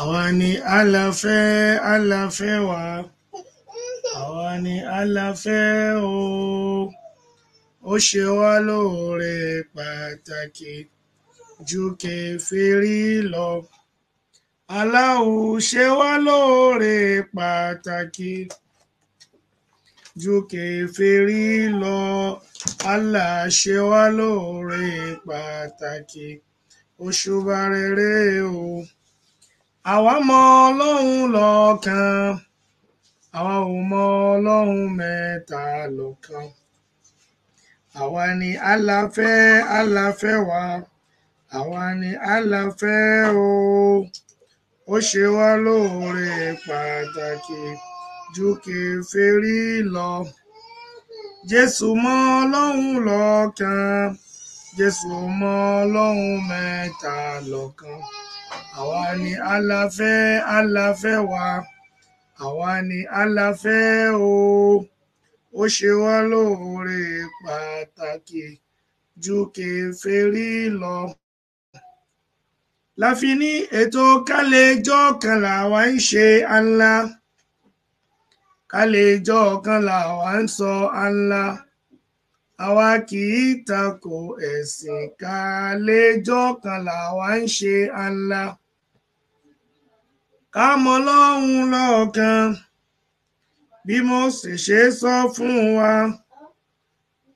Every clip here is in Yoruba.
àwa ni aláfẹ́ aláfẹ́ wa àwa ni aláfẹ́ o ó ṣe wá lóore pàtàkì ju kèfèrí lọ aláwo ṣe wá lóore pàtàkì ju kèfèrí lọ Allah ṣe wá lóore pàtàkì òṣùbà rere o àwa mọ ọlọ́run lọ́kan àwa ò mọ ọlọ́run mẹ́ta lọ́kan àwa ni Allah fẹ́ Allah fẹ́ wa àwa ni Allah fẹ́ o ó ṣe wá lóore pàtàkì ju kèfèrí lọ jésù mọ́ ọlọ́run lọ́kan jésù mọ́ ọlọ́run mẹ́ta lọ́kan àwa ni aláfẹ́ aláfẹ́ wa àwa ni aláfẹ́ o ó ṣe wá lóore pàtàkì ju kèfèrí lọ láfi ní ètò kálẹ̀ ẹjọ́ kan làwa ń ṣe Allah ká lè jọ ọ̀kan là wá ń sọ ànlá àwa kì í takò ẹ̀sìn ká lè jọ ọ̀kan là wá ń ṣe ànlá ká mọ lọ́hùn lọ́ọ̀kan bí mo sì ṣe sọ fún wa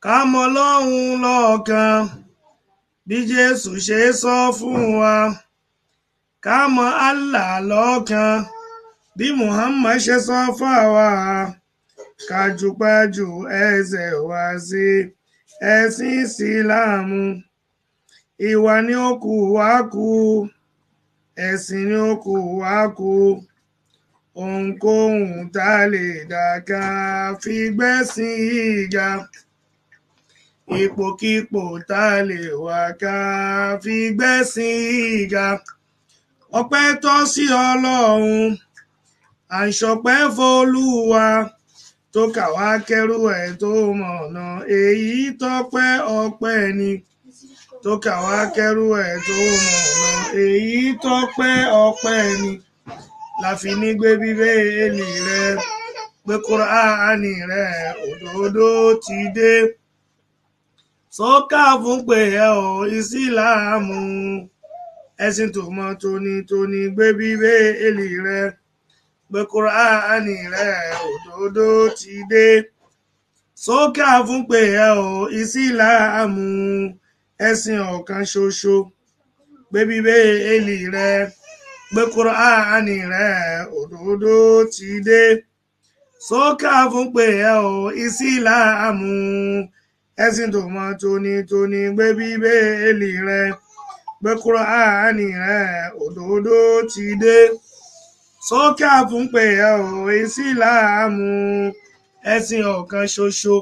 ká mọ lọ́hùn lọ́ọ̀kan bí Jésù ṣe sọ fún wa ká mọ Allah lọ́ọ̀kan bí muhammad ṣe sọ fáwa kájúpájú ẹsẹ̀ wá sí ẹ̀sìn ìsìláàmù ìwà ni ó kù wá kù ẹ̀sìn ni ó kù wá kù ohunkóhun tá a lè dá ká fi gbẹ́sìn ìjà ipòkípò tá a lè wà ká fi gbẹ́sìn ìjà ọpẹ́ tọ́ sí ọlọ́run à ń ṣọpẹ́ fọlúwa tó kà wá kẹ́rù ẹ̀ tó mọ̀nà èyí tọ́pẹ́ ọpẹ́ ni tó kà wá kẹ́rù ẹ̀ tó mọ̀nà èyí tọ́pẹ́ ọpẹ́ ni la fi ní gbé bíbélì rẹ pé kúránì rẹ òdodo ti dé sọ́kà fún pé ẹ ò ìsìláàmù ẹ̀sìn tó mọ́ tónítóní gbé bíbélì rẹ pé kúránì rẹ̀ òdodo ti dé sókè àfúnpè ẹ o ìsìláàmù ẹ̀sìn ọ̀kan ṣoṣo pé bíbélì rẹ̀ pé kúránì rẹ̀ òdodo ti dé sókè àfúnpè ẹ o ìsìláàmù ẹ̀sìn tó mọ́ tónítóní pé bíbélì rẹ̀ pé kúránì rẹ̀ òdodo ti dé sókè àfúnpẹ ọ ìsìláàmù ẹ̀sìn ọ̀kan ṣoṣo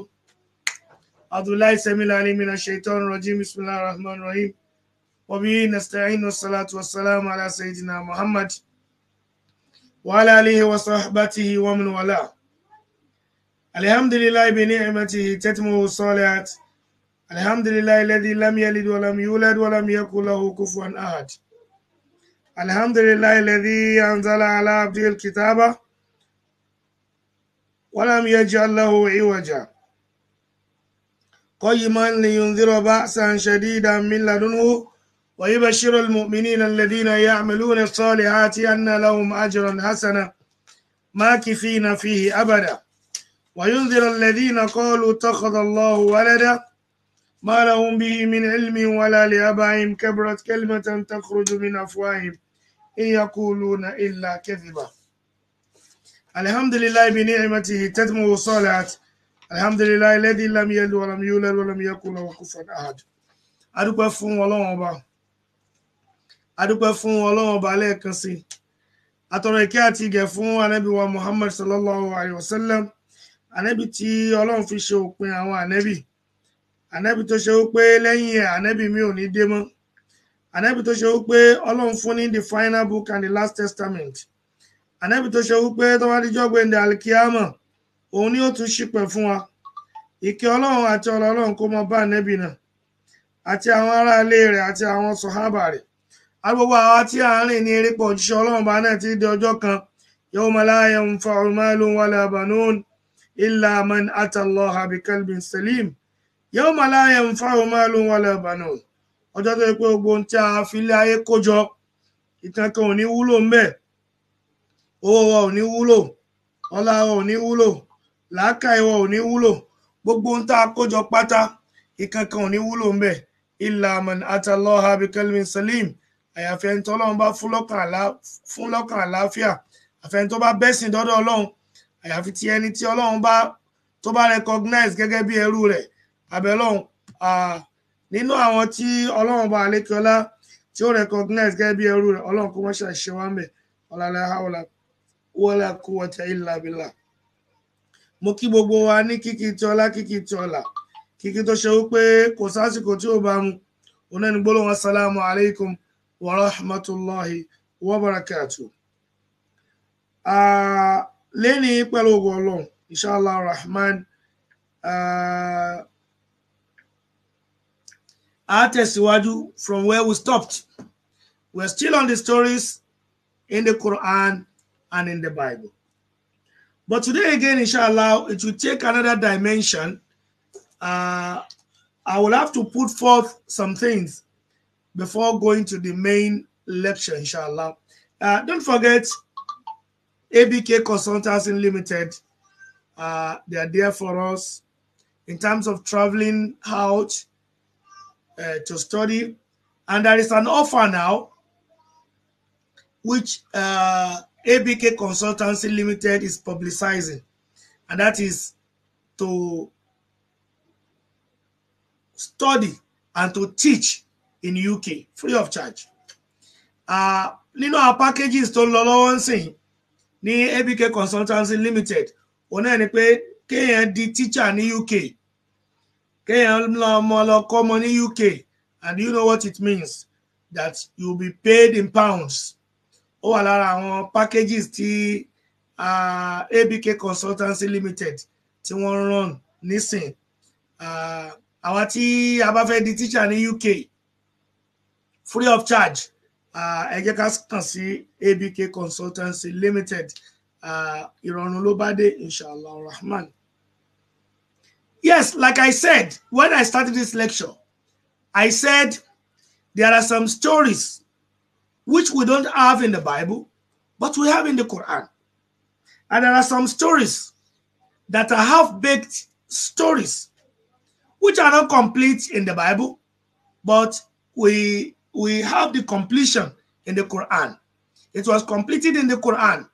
abdullahi samila alimina shaitan rajim bisimilahi rahman rahim wabi nasta'inu salatu wassalamu ala sayyidina muhammad wa ala alihi wa sahbatihi wa man wala alhamdulillahi bi ni'matihi tatmu salat alhamdulillahi alladhi lam yalid wa lam yulad ahad الحمد لله الذي أنزل على عبده الكتاب ولم يجعل له عوجا قيما لينذر بأسا شديدا من لدنه ويبشر المؤمنين الذين يعملون الصالحات أن لهم أجرا حسنا ماكثين فيه أبدا وينذر الذين قالوا اتخذ الله ولدا ما لهم به من علم ولا لأبائهم كبرت كلمة تخرج من أفواههم إن يقولون إلا كذبا الحمد لله بنعمته تتم الصالحات الحمد لله الذي لم يلد ولم يولد ولم يكن له كفوا أحد adúpẹ́ fún ọlọ́run ọba adúpẹ́ fún ọlọ́run ọba lẹ́ẹ̀kan sí àtọ̀rọ̀ ìkẹ́ àti ìgẹ̀ fún ànábì wa muhammad sallallahu alayhi wa sallam ànábì tí fi ṣe òpin àwọn ànábì ànábì tó ṣe wípé lẹ́yìn ẹ̀ ànábì mi ò ní dé mọ́ ànábì tó ṣe wípé ọlọ́run fún ní the final book and the last testament ànábì tó ṣe wípé tó bá dijọ́ gbẹ̀ndẹ̀ alikiyama òun ni ó tún ṣìpẹ̀ fún wa ìkẹ́ ọlọ́run àti ọ̀rọ̀ ọlọ́run kó mọ bá ànábì náà àti àwọn ará ilé rẹ̀ àti àwọn sọ̀hábà rẹ̀ agbogbo àwa tí à ń rìn ní erépa òjíṣẹ́ ọlọ́run bá náà ti di ọjọ́ kan yawma la yanfa'u malun wala banun illa man ata Allaha bi qalbin salim yawma la yanfa'u malun wala banun ọjọ́ tó yẹ pé gbogbo ohun tí a fi lé ayé kó jọ ìkankan ò ní wúlò ń bẹ̀ owó wa ò ní wúlò ọlá wa ò ní wúlò làákàyè wa ò ní wúlò gbogbo ohun tá a kó jọ pátá ìkankan ò ní wúlò ń bẹ̀ illa man atalọ́ha bi kalmin salim àyàfi ẹni tọ́lọ́run bá fún lọ́kàn àlàáfíà àfẹ́ni tó bá bẹ́sìn dọ́dọ̀ ọlọ́run àyàfi ti ẹni tí ọlọ́run bá tó bá recognize gẹ́gẹ́ bí ẹrú rẹ̀ àbẹ̀lọ́run nínú àwọn tí ọlọ́run bá alékọlá tí ó recognize gẹ́gẹ́ bí ẹrú rẹ̀ ọlọ́run kó wọ́n ṣàṣẹ wá mẹ́ ọ̀làlẹ́ àwọlà wọ́lá kó wọ́n tẹ ìlà bílà. mo kí gbogbo wa ní kíkí tí ọlá kíkí tí ọlà kíkí tó ṣe wípé kò sásìkò tí ó bá mu oná ní gbólóhùn asalaamu alaykum wa rahmatulahi wa barakatu. lẹ́ni pẹ̀lú ògùn ọlọ́run inshallah rahman. Uh, Atesiwaju, from where we stopped. We're still on the stories in the Quran and in the Bible. But today again, inshallah, it will take another dimension. Uh, I will have to put forth some things before going to the main lecture, inshallah. Uh, don't forget, ABK Consultants Limited. Uh, they are there for us in terms of traveling out uh, to study. And there is an offer now, which uh, ABK Consultancy Limited is publicizing, and that is to study and to teach in UK free of charge. Uh, nínú àwọn packages tó ń lọ lọ́wọ́ ń sìn ABK Consultancy Limited one náà ni pé kéèyàn di teacher ní UK kéèyàn ọmọ lọ kọ́ ọmọ ní UK and you know what it means that you will be paid in pounds ó wà lára àwọn packages tí uh, ah, abk consultancy limited tí wọ́n run nísìn ah, àwa uh, tí a bá fẹ́ di teacher ní UK free of charge ah, ẹ jẹ́ ká kàn sí abk consultancy limited ìrọ̀rùn ló bá dé inshallah rahman. Yes, like I said, when I started this lecture, I said there are some stories which we don't have in the Bible, but we have in the Quran. And there are some stories that are half baked stories which are not complete in the Bible, but we we have the completion in the Quran. It was completed in the Quran.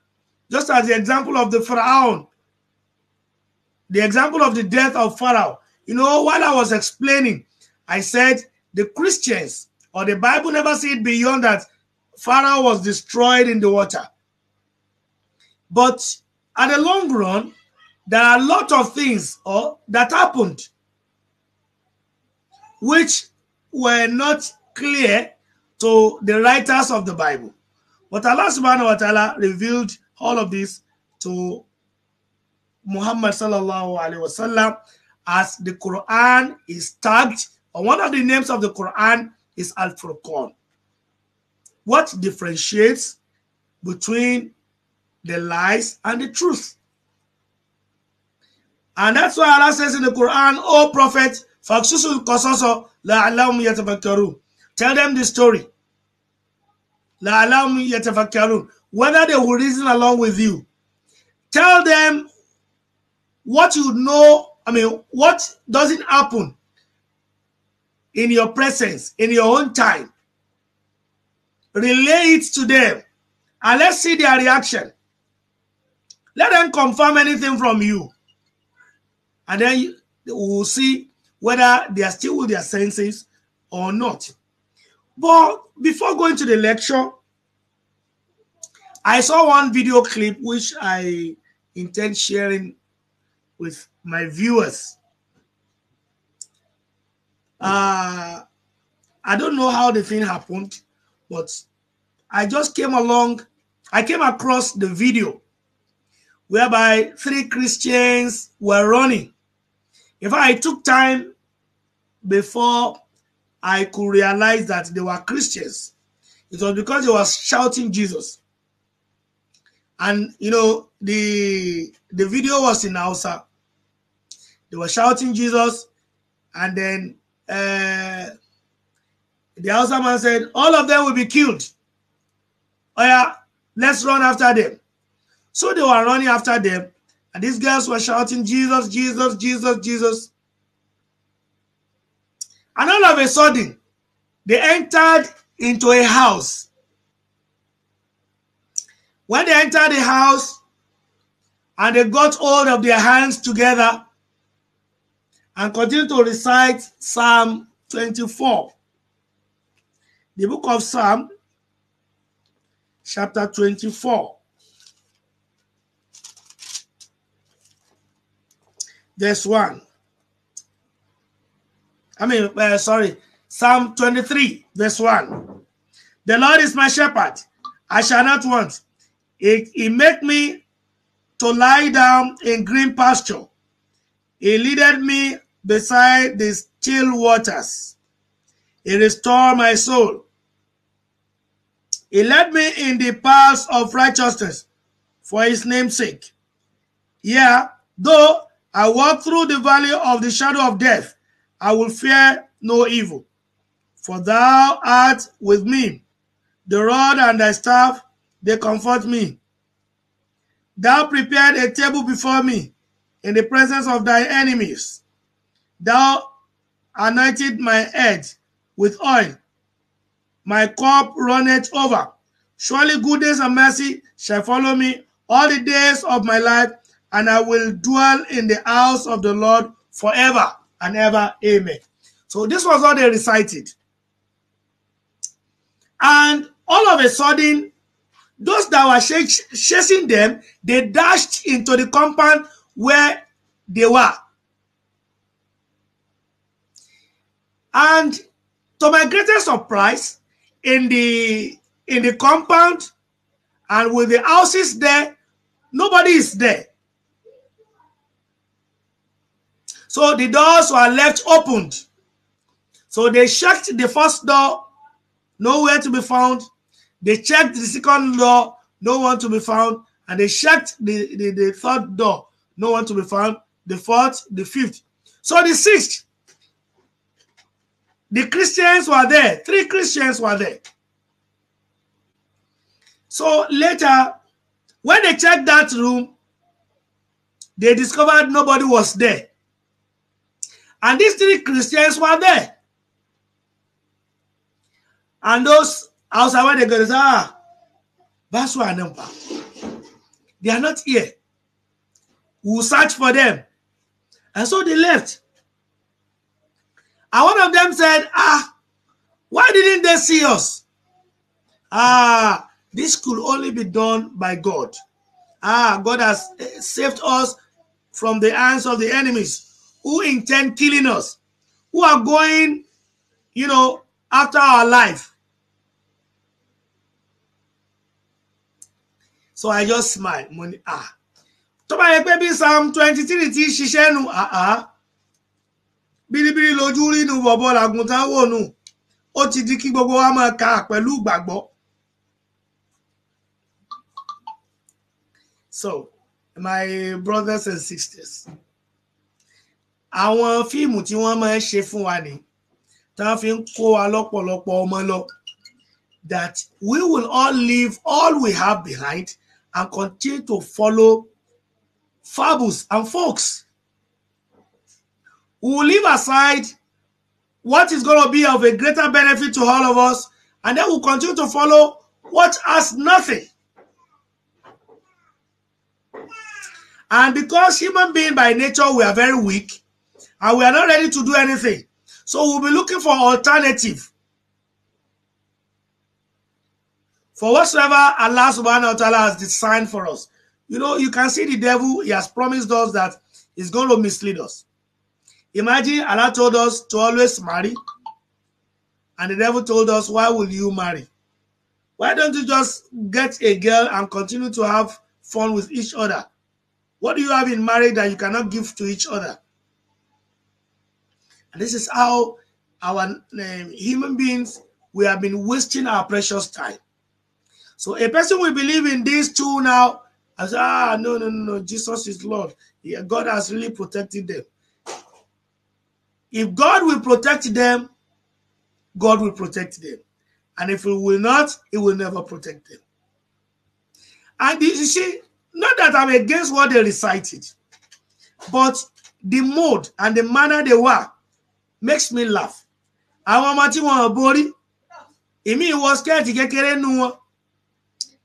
Just as the example of the Pharaoh the example of the death of Pharaoh. You know, while I was explaining, I said the Christians or the Bible never said beyond that Pharaoh was destroyed in the water. But at the long run, there are a lot of things or uh, that happened which were not clear to the writers of the Bible. But Allah subhanahu wa ta'ala revealed all of this to Muhammad sallallahu alaihi wasallam as the Quran is tagged or one of the names of the Quran is Al-Furqan. What differentiates between the lies and the truth? And that's why Allah says in the Quran, O Prophet, tell them the story. Whether they will reason along with you. Tell them what you know, I mean, what doesn't happen in your presence, in your own time, relay it to them and let's see their reaction. Let them confirm anything from you. And then we'll see whether they are still with their senses or not. But before going to the lecture, I saw one video clip which I intend sharing with my viewers. Uh, I don't know how the thing happened, but I just came along. I came across the video whereby three Christians were running. In fact, I took time before I could realize that they were Christians. It was because they were shouting Jesus. And you know, the the video was in Hausa. They were shouting Jesus, and then uh, the other man said, "All of them will be killed." Oh yeah, let's run after them. So they were running after them, and these girls were shouting, "Jesus, Jesus, Jesus, Jesus!" And all of a sudden, they entered into a house. When they entered the house, and they got hold of their hands together and continue to recite Psalm 24. The book of Psalm, chapter 24. Verse 1. I mean, uh, sorry, Psalm 23, verse 1. The Lord is my shepherd, I shall not want. He, he make me to lie down in green pasture. He leadeth me beside the still waters. He restored my soul. He led me in the paths of righteousness for his name's sake. Yeah, though I walk through the valley of the shadow of death, I will fear no evil. For thou art with me. The rod and thy staff, they comfort me. Thou prepared a table before me in the presence of thy enemies. Thou anointed my head with oil, my cup runneth over. Surely goodness and mercy shall follow me all the days of my life, and I will dwell in the house of the Lord forever and ever. Amen. So this was what they recited. And all of a sudden, those that were chasing them, they dashed into the compound where they were. And to my greatest surprise, in the in the compound and with the houses there, nobody is there. So the doors were left opened. So they checked the first door, nowhere to be found. They checked the second door, no one to be found. And they checked the, the, the third door, no one to be found. The fourth, the fifth. So the sixth, the Christians were there. Three Christians were there. So later, when they checked that room, they discovered nobody was there. And these three Christians were there. And those outside where they go, they ah, that's why I know. They are not here. We'll search for them. And so they left. And one of them said, Ah, why didn't they see us? Ah, this could only be done by God. Ah, God has saved us from the hands of the enemies who intend killing us, who are going, you know, after our life. So I just smiled. Money. Ah. toba yẹ pé bí Psalm twenty three ti ṣiṣẹ́ nu, ah ah. bíríbírí lójú rínú bọ̀bọ̀ làgùntàn wò nù ó ti di kí gbogbo wa máa ka pẹ̀lú ìgbàgbọ́. So, my brothers and sisters àwọn fíìmù tí wọ́n máa ń ṣe fún wa ni tí wọ́n fi ń kó wa lọ́pọ̀lọpọ̀ ọmọ lọ that we will all leave all we have behind and continue to follow fables and folks We'll leave aside what is going to be of a greater benefit to all of us, and then we'll continue to follow what has nothing. And because human being by nature, we are very weak, and we are not ready to do anything. So we'll be looking for alternative. For whatsoever Allah subhanahu wa ta'ala has designed for us. You know, you can see the devil, he has promised us that he's going to mislead us. Imagine Allah told us to always marry, and the devil told us, Why will you marry? Why don't you just get a girl and continue to have fun with each other? What do you have in marriage that you cannot give to each other? And this is how our um, human beings we have been wasting our precious time. So a person will believe in these two now as ah no no no no Jesus is Lord. Yeah, God has really protected them. If God will protect them, God will protect them. And if He will not, He will never protect them. And you see, not that I'm against what they recited, but the mode and the manner they were makes me laugh. Àwọn ọmọ tí wọ́n borí, was scared to get carried wọn.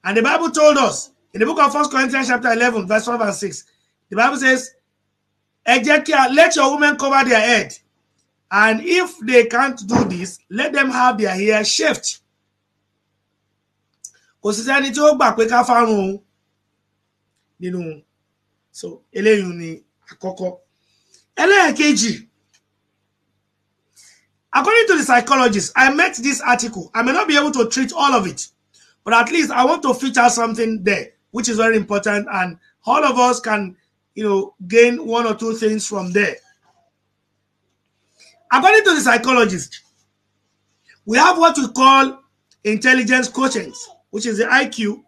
And the Bible told us in the book of 1 Corinthians chapter 11 verse 5 and 6, the Bible says, let your women cover their head And if they can't do this, let them have their hair shaved. Kò sí sẹ́ni tí ó gbà pé ká fárun òun nínú so eléyìí ni àkọ́kọ́. Ẹlẹ́ẹ̀kejì, according to the psychologist, I met this article. I may not be able to treat all of it, but at least I want to feature something there, which is very important, and all of us can, you know, gain one or two things from there. According to the psychologist, we have what we call intelligence quotient, which is the IQ.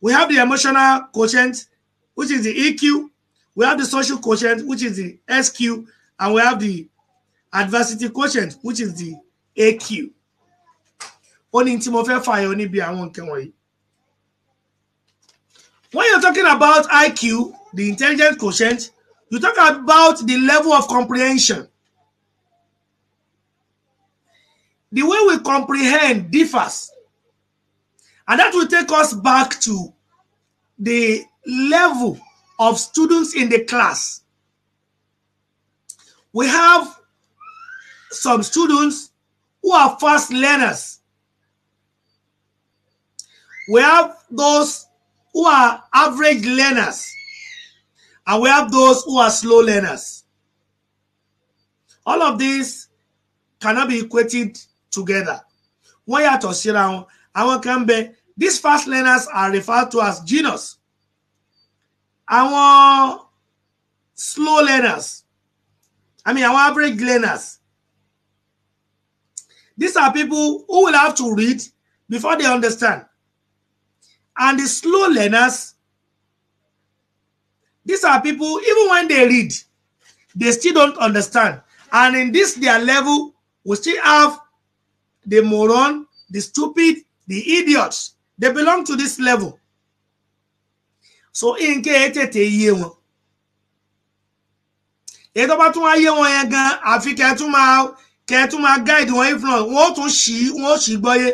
We have the emotional quotient, which is the EQ. We have the social quotient, which is the SQ. And we have the adversity quotient, which is the AQ. Only tí mo When you're talking about IQ, the intelligence quotient, you talk about the level of comprehension the way we comprehend differs. And that will take us back to the level of students in the class. We have some students who are fast learners. We have those who are average learners. And we have those who are slow learners. All of these cannot be equated together wọ́n yàtọ̀ síra wọn àwọn come back. these fast learners are referred to as I want slow learners i mean want average learners these are people who will have to read before they understand and the slow learners these are people even when they read they still don't understand and in this their level we still have the moron, the stupid, the idiots. They belong to this level. So in ẹ tètè yé wọn. Èyí tó bá tún wá yé wọn yẹn gan, àfi kẹ́ máa kẹ́ máa guide wọn influence, wọn ó tún ṣì wọn ó ṣì gbọ́yé.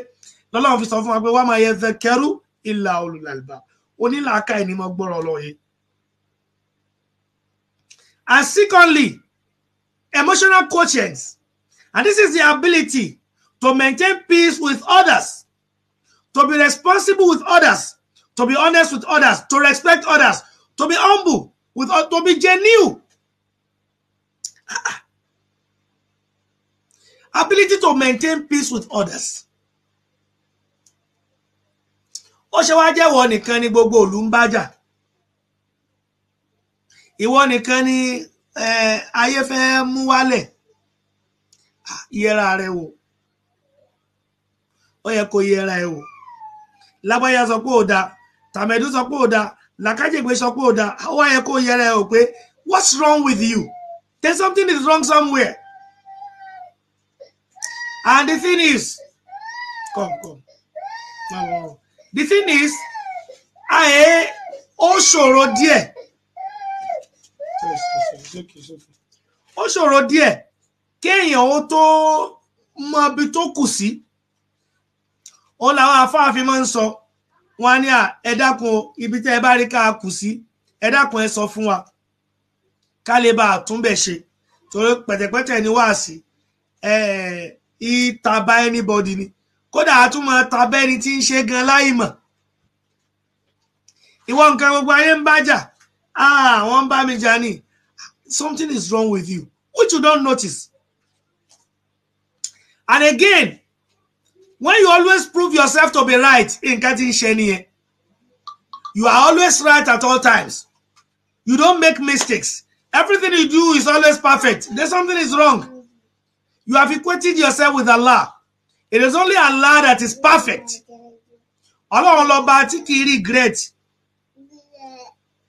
Lọ́lọ́run fi sọ fún wa pé wá máa yẹ zẹkẹrú ìlà olùlàlùbà. Onílàákà ẹni mọ gbọ́rọ̀ And secondly, emotional quotient. And this is the ability to maintain peace with others, to be responsible with others, to be honest with others, to respect others, to be humble, with, to be genuine. Ability to maintain peace with others. Ó ṣe wá jẹ́wọ́ nìkan ni gbogbo òlú ń bá Ìwọ nìkan ni eh, ayé fẹ́ mú wálẹ̀. Ah, yẹra rẹ wò ó yẹ kó yẹra ẹ wò lágbáyà sọ pé ó dáa tàmẹ̀dù sọ pé ó dáa làkàjẹgbẹ sọ pé ó dáa ó yẹ kó yẹra ẹ wò pé what's wrong with you then something is wrong somewhere and the thing is come come oh, the thing is àyè ó ṣòro díẹ̀ ó ṣòro díẹ̀ kéèyàn ó tó mọ ibi tó kù sí. Si ó làwọn afáàfin máa ń sọ wọn ní à ẹ dákun ibi tẹ́ ẹ bá rí ká kù sí ẹ dákun ẹ sọ fún wa ká lè bá àtúnbẹ̀ ṣe torí pẹ̀tẹ̀pẹ̀tẹ̀ ni wáàsí ìtàbá anybody ni kódà a tún máa tàbẹ́ ni tí ń ṣe gan láì mọ̀ ìwọ nǹkan gbogbo ayé ń bájà àwọn ń bá mi jà ní something is wrong with you which you don't notice and again when you always prove yourself to be right in cutting ń you are always right at all times you don't make mistakes everything you do is always perfect There's something is wrong you have equated yourself with Allah it is only Allah that is perfect ọlọ́run lọ́ba tí kì í regret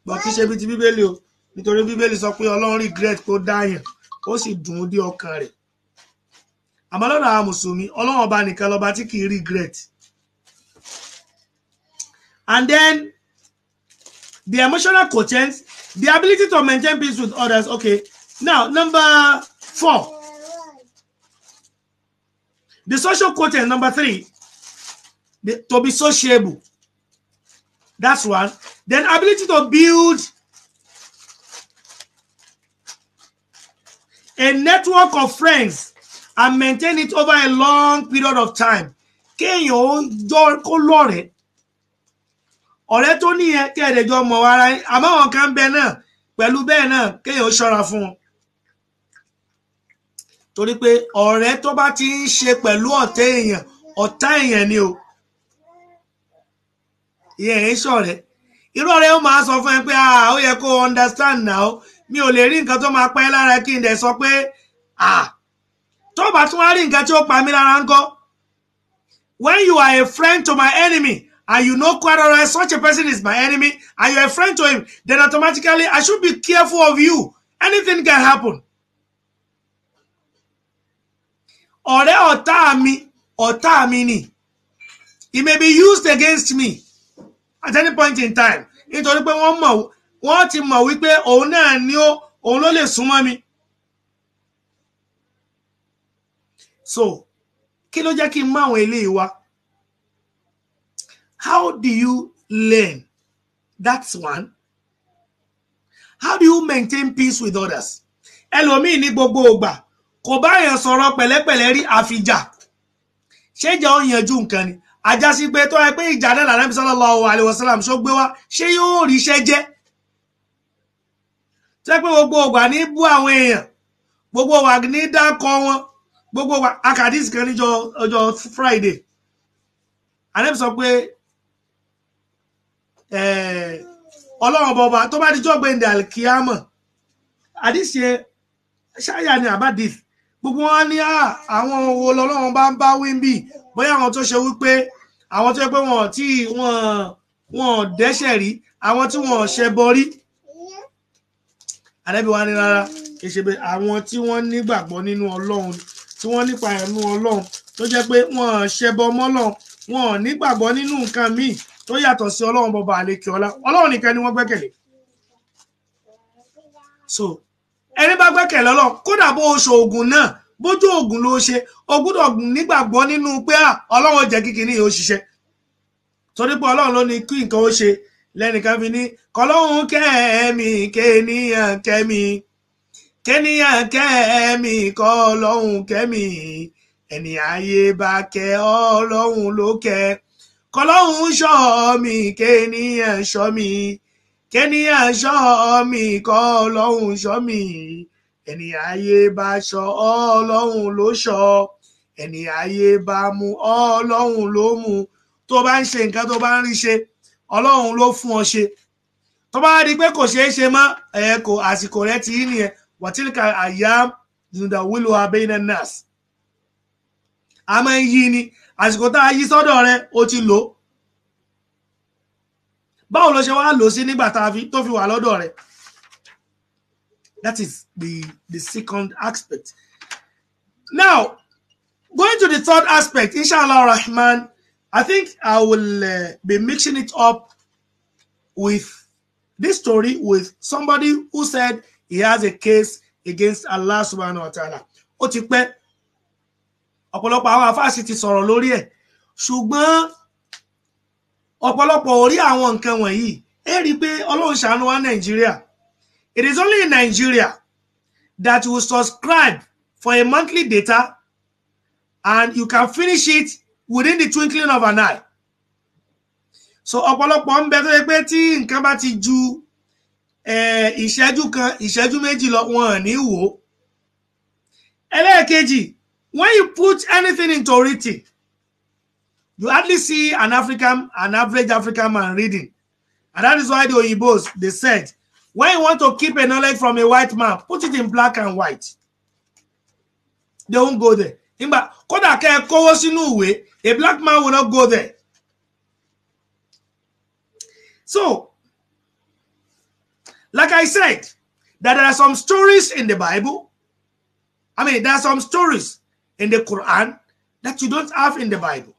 bọ̀ kí ṣe bí ti bíbélì o nítorí bíbélì sọ pé ọlọ́run regret kó dáyàn ó sì dùn ún dé ọkàn rẹ̀ àmọ́ lọ́dọ̀ àwọn mùsùlùmí ọlọ́run ọba nìkan lọ́ba tí kì í regret and then the emotional quotient the ability to maintain peace with others okay now number four the social quotient number three the, to be sociable that's one then ability to build a network of friends and maintain it over a long period of time kéèyàn ó jọ kó lọ́rẹ̀ẹ́ ọ̀rẹ́ tó níyẹn kéèyàn jọ mọ̀ ara yín àmọ́ àwọn kan bẹ náà pẹ̀lú bẹ́ẹ̀ náà kéèyàn ó ṣọ́ra fún un torí pé ọ̀rẹ́ tó bá ti ń ṣe pẹ̀lú ọ̀tẹ̀ èèyàn ọ̀tá èèyàn ni o ìyẹn ń ṣọ̀rẹ́ irú ọ̀rẹ́ ó máa sọ fún ẹ pé ó yẹ kó understand now mi ò lè rí nǹkan tó máa pẹ́ lára kí n dẹ̀ sọ pé ah tó bá tún wá rí nǹkan tí ó pa mí lára ńkọ́ when you are a friend to my enemy and you know quite alright such a person is my enemy and you are a friend to him then automatically I should be careful of you anything can happen. ọ̀rẹ́ ọ̀tá mi ọ̀tá mi ni He may be used against me at any point in time nítorí pé wọ́n mọ̀ wọ́n ti mọ̀ wípé òun náà ni ó òun ló lè súnmọ́ mi so kí ló jẹ́ kí n mú àwọn eléyìí wá how do you learn that's one how do you maintain peace with others ẹlòmíì ní gbogbo ògbà kò bá èèyàn sọ̀rọ̀ pẹ̀lẹ́pẹ̀lẹ́ rí àfijà ṣéjà ó yanjú nǹkan ni àjásí pé tó ẹ pé ìjà náà lànà sallallahu alaihi wasallam ṣó gbé wá ṣé yóò ríṣẹ́ jẹ́ tẹ́ pé gbogbo ògbà ní bú àwọn èèyàn gbogbo wà ní dákọ wọn gbogbo wa akadis kan níjọ ọjọ́ friday anẹ́bí sọ pé ọlọ́run bọba tó bá dijọ́ gbẹ̀ndẹ̀ alkiyama àdìsí ṣáyà ni àbádìs gbogbo wọn ní àwọn wo lọ́lọ́run bá ń bá wí bí bóyá àwọn tó ṣe wípé àwọn tó yẹ pé wọn tí wọn wọn dẹ́ṣẹ̀ rí àwọn tí wọn ṣẹ bọrí anẹ́bí wa ní rárá kì í ṣe pé àwọn tí wọ́n nígbàgbọ́ nínú ọlọ́run tí wọ́n nípa ẹ̀nu ọlọ́run tó jẹ́ pé wọ́n ṣẹbọ mọ́lọ́run wọn ò nígbàgbọ́ nínú nǹkan míì tó yàtọ̀ sí ọlọ́run bọba àlekè ọlá ọlọ́run nìkan ni wọ́n gbẹ́kẹ̀lé so ẹni bá gbẹ́kẹ̀lé ọlọ́run kódà bó o ṣe oògùn náà bójú oògùn ló ṣe o gbúdọ̀ nígbàgbọ́ nínú pé ọlọ́run jẹ́ kíkì ní òṣìṣẹ́ torí pé ọlọ́run ló ní kí nǹkan ó ṣe lẹ́nìkan fi ní kọlọ́run kẹ́ẹ̀mí kẹ́ẹ̀níyàn kẹ́niyàn kẹ́mi kọ́ ọlọ́run kẹ́mi ẹni ayé bá kẹ́ ọlọ́run ló kẹ́ kọlọ́run ṣọ́ mi kẹ́niyàn ṣọ́ mi kẹ́niyàn ṣọ́ mi kọ́ ọlọ́run ṣọ́ mi ẹni ayé bá ṣọ́ ọlọ́run ló ṣọ́ ẹni ayé bá mú ọlọ́run ló mú tó bá ń ṣe nǹkan tó bá ń rí ṣe ọlọ́run ló fún ọ ṣe tó bá rí i pé kò ṣeé ṣe mọ́ ẹ̀ kò àsìkò rẹ ti rí nìyẹn wàtílíkà àyà zundawilu abẹ́yẹnẹ nas a máa ń yí ni àsìkò tá a yí sọ́dọ̀ rẹ o ti lò báwo ló ṣe wá lò sí nígbà tá a fi tó fi wà lọ́dọ̀ rẹ that is the the second aspect now going to the third aspect inshallah rahman i think i will uh, be mixing it up with this story with somebody who said he has a case against Allah subhanahu wa ta'ala ó ti pẹ́ ọ̀pọ̀lọpọ̀ àwọn afáàsì ti sọ̀rọ̀ lórí ẹ̀ ṣùgbọ́n ọ̀pọ̀lọpọ̀ orí àwọn nǹkan wọ̀nyí ẹ rí i pé ọlọ́run ṣàánú wa nàìjíríà it is only in Nigeria that you subscribe for a monthly data and you can finish it within the twinkling of an eye so ọ̀pọ̀lọpọ̀ ń bẹ tó yẹ pé tí nǹkan bá ti ju ìṣẹ́jú kan ìṣẹ́jú méjì lọ wọn ò ní wò ó. ẹlẹ́ẹ̀kejì when you put anything into writing you hardly see an African an average African man reading and that is why the Oyinbos they said when you want to keep a knowledge from a white man put it in black and white they won't go there nígbà kódà kẹ́ ẹ kówó sínú ìwé a black man will not go there so Like I said, that there are some stories in the Bible. I mean, there are some stories in the Quran that you don't have in the Bible.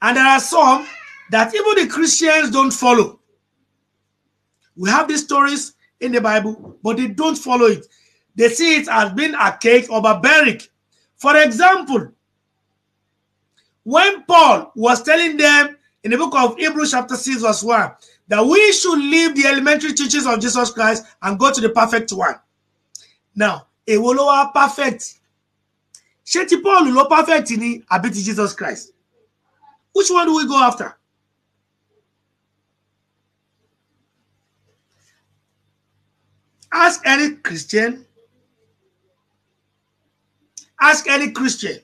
And there are some that even the Christians don't follow. We have these stories in the Bible, but they don't follow it. They see it as being archaic or barbaric. For example, when Paul was telling them in the book of Hebrews, chapter 6, verse 1, that we should leave the elementary teachings of Jesus Christ and go to the perfect one. Now, èwo ló wá perfect? Sheti Paul ló perfect ni àbí Jesus Christ? Which one do we go after? Ask any Christian. Ask any Christian.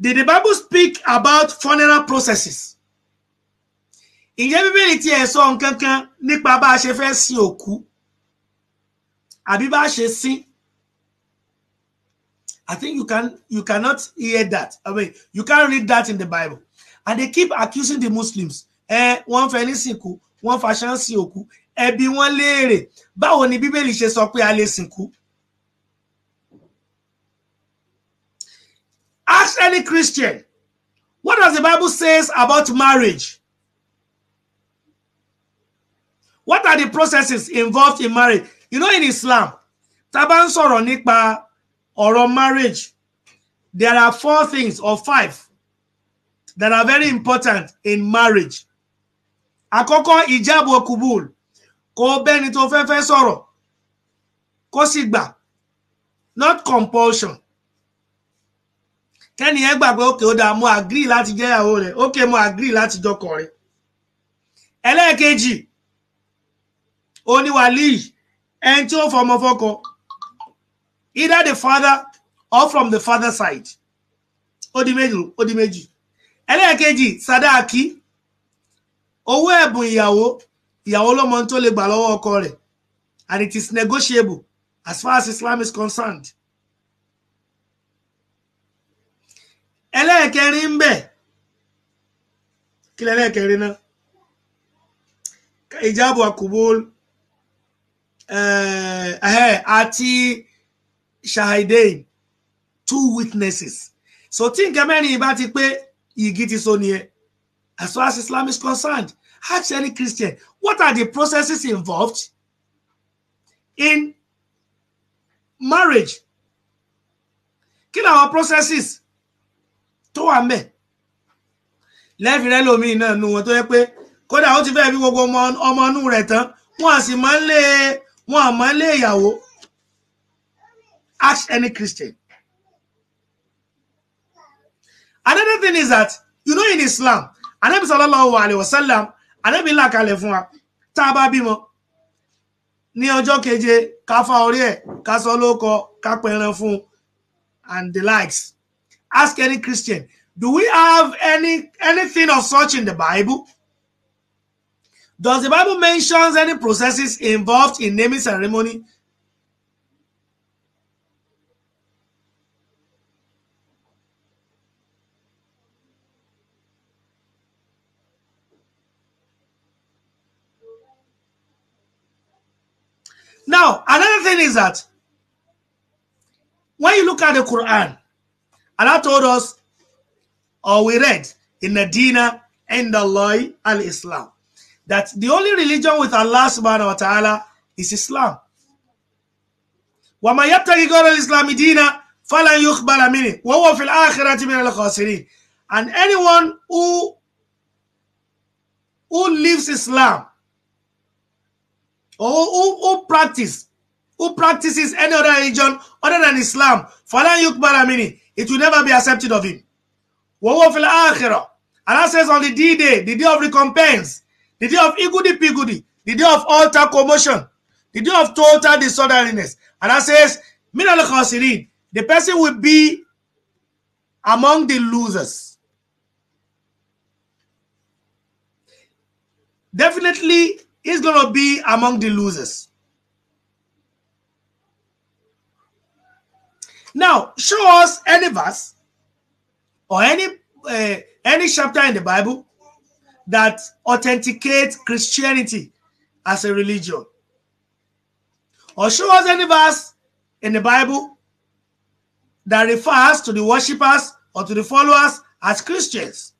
Did the Bible speak about funeral processes? ǹjẹ́ bíbélì tí ẹ̀ sọ nǹkan kan nípa bá a ṣe fẹ́ sin òkú àbí bá a ṣe sin I think you can you cannot hear that I mean you can't read that in the Bible and they keep accusing the Muslims ẹ wọ́n fẹ́ ní sìnkú wọ́n faṣán sin òkú ẹbí wọ́n léèrè báwo ni bíbélì ṣe sọ pé a lè sìnkú. Ask any Christian what does the Bible says about marriage what are the processes involved in marriage you know in Islam tá a bá ń marriage there are four things or five that are very important in marriage Akoko ìjábọ̀ kubul kó bẹ́ni tó fẹ́ fẹ́ sọ̀rọ̀ kó sì not compulsion kẹ́ni ẹ gbà oda ókè ó dáa mo agree láti jẹ́ ìyàwó rẹ̀ ókè mo agree láti jọkọ̀ rẹ̀ ẹlẹ́ẹ̀kejì oníwàlí ẹni tí ó fọmọ fọkọ either the father or from the father side ó di méjì ó di méjì ẹlẹ́ẹ̀kejì sàdáàkì owó ẹ̀bùn ìyàwó ìyàwó lọ́mọ tó lè gbà lọ́wọ́ ọkọ rẹ̀ and it is negotiable as far as Islam is concerned. ẹlẹ́ẹ̀kẹrin ń bẹ kí lẹ́lẹ́ẹ̀kẹrin náà ìjábọ̀ àkùbọ́ọ̀lù. Uh, eh, ati eh, shahidain two witnesses so tí nǹkan mẹ́rin bá ti pé igi ti so nìyẹn as far as Islam is concerned ask any Christian what are the processes involved in marriage kí ni àwọn processes tó wà mẹ́ lẹ́fìrẹ́ lómi náà nu wọn tó yẹ pé kódà ó ti fẹ́ bí gbogbo ọmọ ọmọ inú rẹ̀ tán wọn sì máa ń lé e wọn àmọ́ ilé ìyàwó ask any Christian. Another thing is that you know in Islam anabi sallallahu alayhi wa sallam anabi ńlá kalẹ̀ fún wa tá a bá bímọ ní ọjọ́ keje ká fa orí ẹ̀ ká sọ lóko ká pẹran fún and the likes ask any Christian do we have any anything of such in the Bible? Does the Bible mentions any processes involved in naming ceremony? Now, another thing is that when you look at the Quran, Allah told us, or we read in the Dina and the Law al Islam. that the only religion with Allah subhanahu wa ta'ala is Islam. وَمَا يَبْتَغِي غَيْرَ الْإِسْلَامِ دِينًا فَلَنْ يُقْبَلَ مِنْهُ وَهُوَ فِي الْآخِرَةِ مِنَ الْخَاسِرِينَ And anyone who who lives Islam or who, who practices who practices any other religion other than Islam, فَلَنْ يُقْبَلَ مِنْهُ It will never be accepted of him. وَهُوَ فِي الْآخِرَةِ Allah says on the D-Day, the day of recompense, the day of igudi pigudi, the day of altar commotion, the day of total disorderliness. And I says, Minal Khasirin, the person will be among the losers. Definitely, he's going to be among the losers. Now, show us any verse or any uh, any chapter in the Bible that authenticate Christianity as a religion. Or show us any verse in the Bible that refers to the worshippers or to the followers as Christians.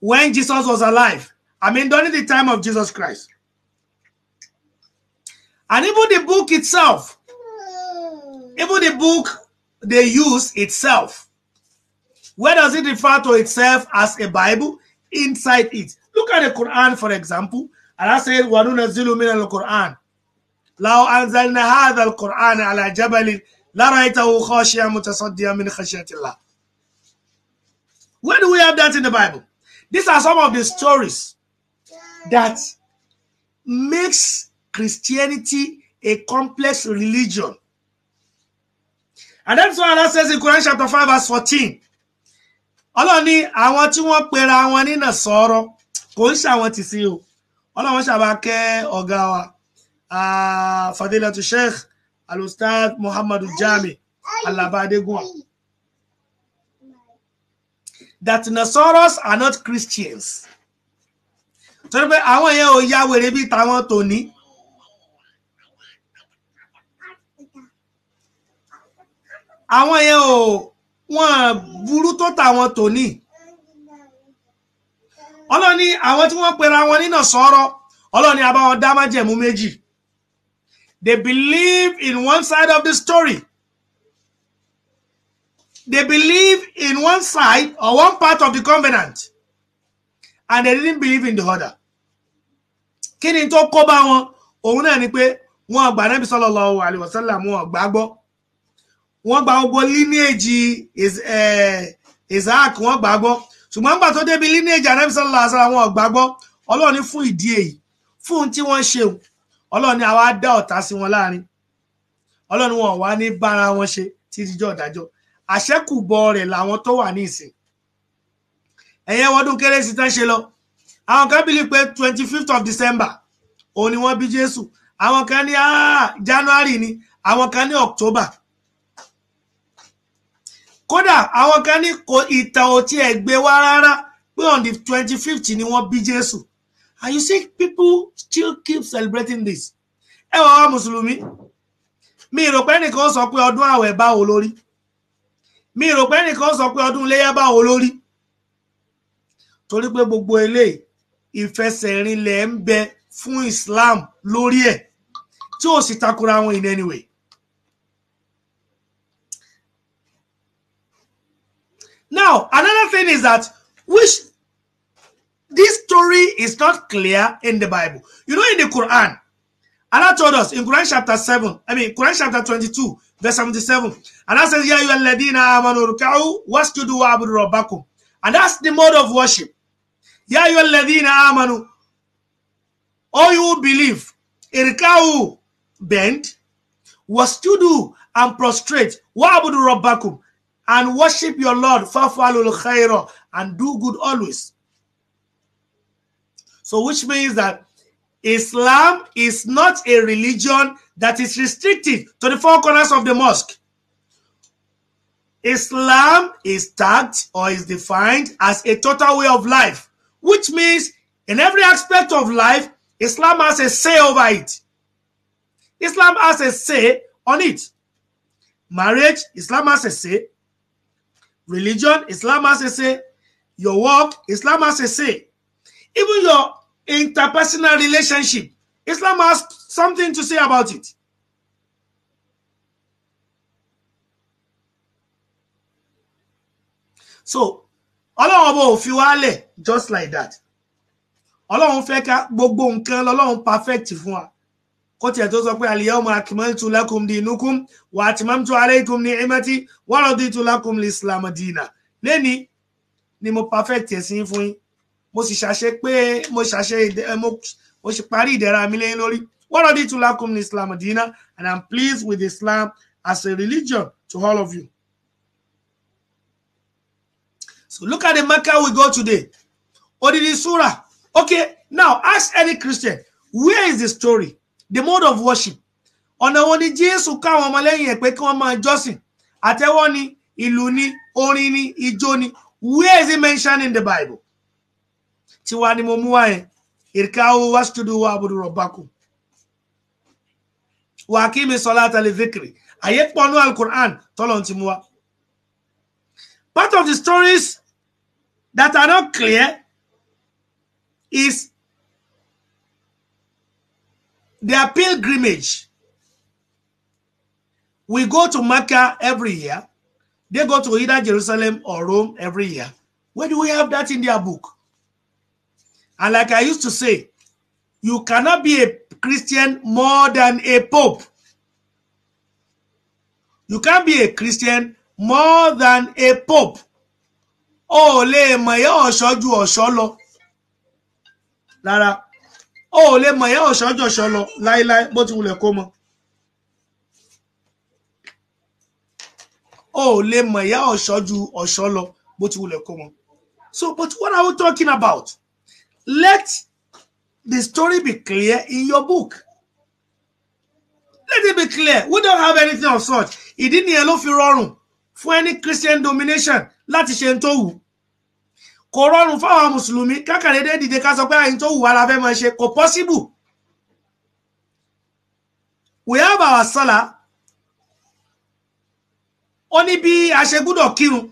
When Jesus was alive, I mean, during the time of Jesus Christ. And even the book itself, even the book they use itself, where does it refer to itself as a Bible? inside it. Look at the Quran, for example. Allah said, وَنُنَزِّلُ مِنَ الْقُرْآنِ لو أنزلنا هذا القرآن على جبل لرأيته خاشعا متصديا من min الله. Where do we have that in the Bible? These are some of the stories that makes Christianity a complex religion. And that's why Allah says in Quran chapter 5 verse 14, ọlọ́run ní àwọn tí wọ́n pera wọn nínà sọ̀rọ̀ kò ń ṣàwọn ti sí o ọlọ́run ṣàbá kẹ́ ọ̀gá wa fadilatu sheikh alustad muhammadu jami alaba adegun that nasoros are not christians torí pé àwọn yẹn ò ya wèrè bíi tàwọn tòní. àwọn yẹn ò wọn burú tó tàwọn tòní ọlọ́ni àwọn tí wọ́n pera wọn nínà sọ̀rọ̀ ọlọ́ni àbáwọn dá májẹ̀mú méjì they believe in one side of the story they believe in one side or one part of the covenant and they didn't believe in the other kí ni tó kó bá wọn òun náà ni pé wọn àgbà nábì sallallahu alaihi wasallam wọn àgbà gbọ́ wọ́n gba gbogbo lineage eh, isaac wọ́n gbà gbọ́ ṣùgbọ́n gbà tó débi lineage anabi sallallahu alaihi wasallam wọn gbà gbọ́ ọlọ́ọ̀ni fún ìdí èyí fún tí wọ́n ṣe ọlọ́ọ̀ni àwa dá ọ̀tá sí wọn láàrin ọlọ́ọ̀ni wọn wá ní bára wọn ṣe títí ọ̀dájọ́ àṣẹ́kùbọ̀ rẹ̀ làwọn tó wà ní ìsìn ẹ̀yẹ́ wọ́dún kérésì tán ṣe lọ àwọn kan bìlí pé twenty fifth of december òun ni wọ́n bí jésù àwọn kan ní ah, january ni àwọn kan ní october kódà àwọn kan ní kò ìtàn ò wá rárá pé on the twenty fifth ni wọ́n bí Jésù and you see people still keep celebrating this ẹ wọ wá mùsùlùmí mi rò pé ẹnìkan sọ pé ọdún àwẹ̀ báwo lórí mi rò pé ẹnìkan sọ pé ọdún iléyà báwo lórí torí pé gbogbo eléyìí ìfẹsẹ̀rinlẹ̀ ń bẹ fún Islam lórí ẹ̀ tí ò sì takora wọn in any way. Now, another thing is that which this story is not clear in the Bible. You know, in the Quran, Allah told us in Quran chapter 7, I mean, Quran chapter 22, verse 77, Allah says, Ya ayyuhalladhina amanu ruk'u do wa'budu rabbakum. And that's the mode of worship. Ya ayyuhalladhina amanu. All you believe, irka'u, bend, do and prostrate, wa'budu rabbakum. and worship your Lord, fafalul khaira, and do good always. So, which means that Islam is not a religion that is restricted to the four corners of the mosque. Islam is tagged or is defined as a total way of life, which means in every aspect of life, Islam has a say over it. Islam has a say on it. Marriage, Islam has a say. religion, Islam has a say. Your work, Islam has a say. Even your interpersonal relationship, Islam has something to say about it. So, ọlọ́run ọba ò fi wálẹ̀ just like that. ọlọ́run fẹ́ ká gbogbo nǹkan lọ́lọ́run perfect fún wa. ko tiẹ̀ tó sọ pé al-yawma akmaltu lakum dinukum wa atmamtu alaykum ni'mati wa raditu lakum l-islam dina lẹ́ni ni mo perfect ẹ̀sìn fún yín mo sì ṣàṣe pé mo ṣàṣe mo sì parí ìdẹ̀ra mi lẹ́yìn lórí wa raditu lakum l-islam dina and i'm pleased with islam as a religion to all of you. So look at the Mecca we go today. Odidi Surah. Okay, now ask any Christian, where is the story? the mode of worship ọ̀nà wo ni jésù káwọn ọmọlẹ́yìn ẹ̀ pé kí wọ́n máa jọ́sìn àtẹ́wọ́ ni ìlú ni orin ni ijó ni where is it mentioned in the bible tiwa ni mo mú wá yẹn irkawo wasjudu wa abudu rabbakum wa akimi salata li dhikri àyè pọnú alukur'an tọ́lọ̀ ti mú wá. part of the stories that are not clear is Their pilgrimage. We go to Mecca every year. They go to either Jerusalem or Rome every year. Where do we have that in their book? And like I used to say, you cannot be a Christian more than a pope. You can't be a Christian more than a pope. Oh, le mọ̀ yẹ́ ọ̀ṣọ́ Lára ó lè mọ̀ ẹ́ ọ̀ṣọ́jọ̀ṣọ́ lọ láíláí bó ti wulẹ̀ kó mọ. ó lè mọ̀ ẹ́ ọ̀ṣọ́ ọ̀ṣọ́ lọ bó ti wulẹ̀ kó mọ. So, but what are we talking about? Let the story be clear in your book. Let it be clear. We don't have anything of such. Ìdí nìyẹn ló fi rọrùn fún any Christian domination láti ṣe ń tó wù kò rọrùn fáwọn mùsùlùmí kákàndédé dìde ká sọ pé àyín tó wù wá la fẹ́ máa ṣe kò possible we have our salah ó ní bí a ṣe gbúdọ̀ kírun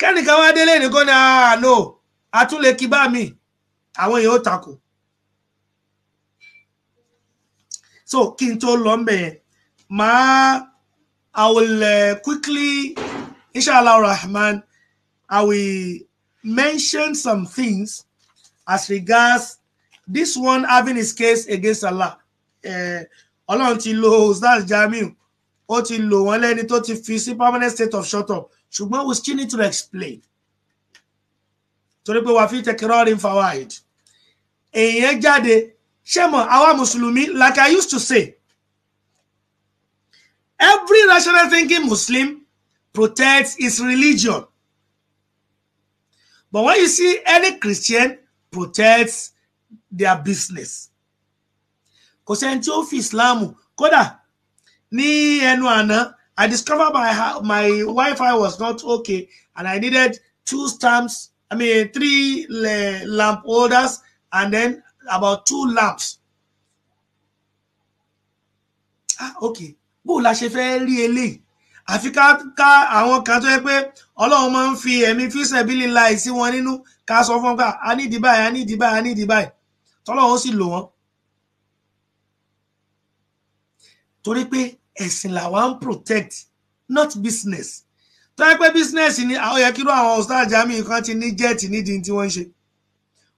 kẹ́nìkan wá délé nìkan ní àánú àtúnlẹ̀ ah, kí bá mi àwọn èèyàn ó takò so kí n tó lọ ń bẹ̀yẹn I will uh, quickly inshallah rahman I will mentioned some things as regards this one having his case against Allah. Eh, Ọlọ́run ti lo Ustaz Jamiu, ó ti lò wọ́n lẹ́ni tó ti fi sí permanent state of shut up. Ṣùgbọ́n we still need to explain. Torí pé wà fi tẹ̀kẹ́rọ́ rí fawaid. Èèyàn jáde, ṣé mọ̀ àwa Mùsùlùmí like I used to say, every rational thinking Muslim protects his religion. But when you see any Christian protects their business. because sẹ́ni tí fi Islam koda ni anyone. I discovered my my Wi-Fi was not okay and I needed two stamps I mean three lamp holders and then about two lamps. Ah okay bó o la ṣe àfi ká ká àwọn kan tó yẹ pé ọlọ́run máa ń fi ẹ̀mí fíṣẹ̀bílì láì sí wọn nínú ká sọ fún ká ah, a ní ìdí báyìí a ní ìdí báyìí a ní ìdí báyìí tọ́lọ́run sì lò wọ́n. torí pé ẹ̀sìn làwa ń protect not business tó yẹ pé business ni ó yẹ kí ló àwọn ọ̀sán àmì kan ti ní jẹ́ẹ̀tì nídìí tí wọ́n ń ṣe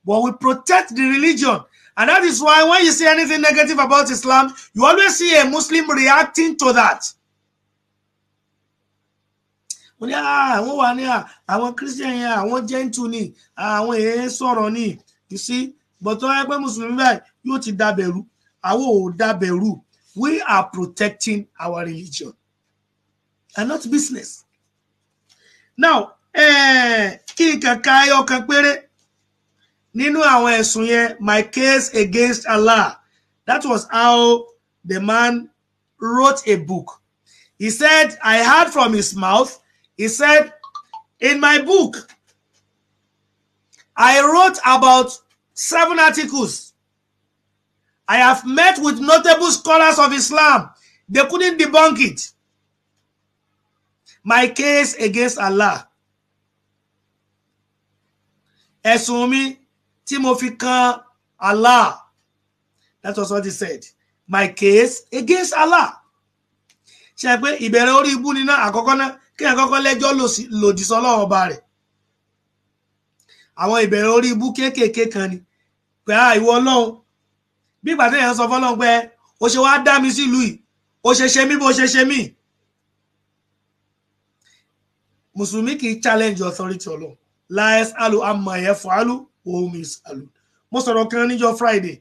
but we protect the religion and that is why when you see anything negative about Islam you always see a Muslim reacting to that wọ́n ní ah, àwọn wà ní ah, àwọn christian yẹn àwọn gentle ni ah, àwọn èèyàn sọ̀rọ̀ ni you see bọ̀tọ̀ ẹgbẹ́ mùsùlùmí báyìí yóò ti dábẹ̀rù àwọn ò dábẹ̀rù we are protecting our religion and not business. now eh, kí n kàkà ayé ọkàn péré nínú àwọn ẹ̀sùn yẹn my case against Allah that was how the man wrote a book he said I heard from his mouth He said, In my book, I wrote about seven articles. I have met with notable scholars of Islam. They couldn't debunk it. My case against Allah. Ẹ̀sùn mi kan Allah. That was what he said. My case against Allah. Ṣé pé ìbẹ̀rẹ̀ orí ibú ni náà àkọ́kọ́ náà kí ẹ̀ kọ́kọ́ lẹ́jọ́ lòdì sọ́lọ́wọ́ ọba rẹ̀ àwọn ìbẹ̀rẹ̀ orí ibú kéékèèké kan ni pé à ah, ìwọ ọlọ́run bí ìgbà téèyàn sọ fọlọ́run pé o ṣe wáá dá mi sílùú yìí o ṣe ṣe mí bó ṣe ṣe mí mùsùlùmí kì í challenge authority ọlọ́run láyẹs alu amayẹ fàálù omi alu mo sọ̀rọ̀ kan níjọ́ friday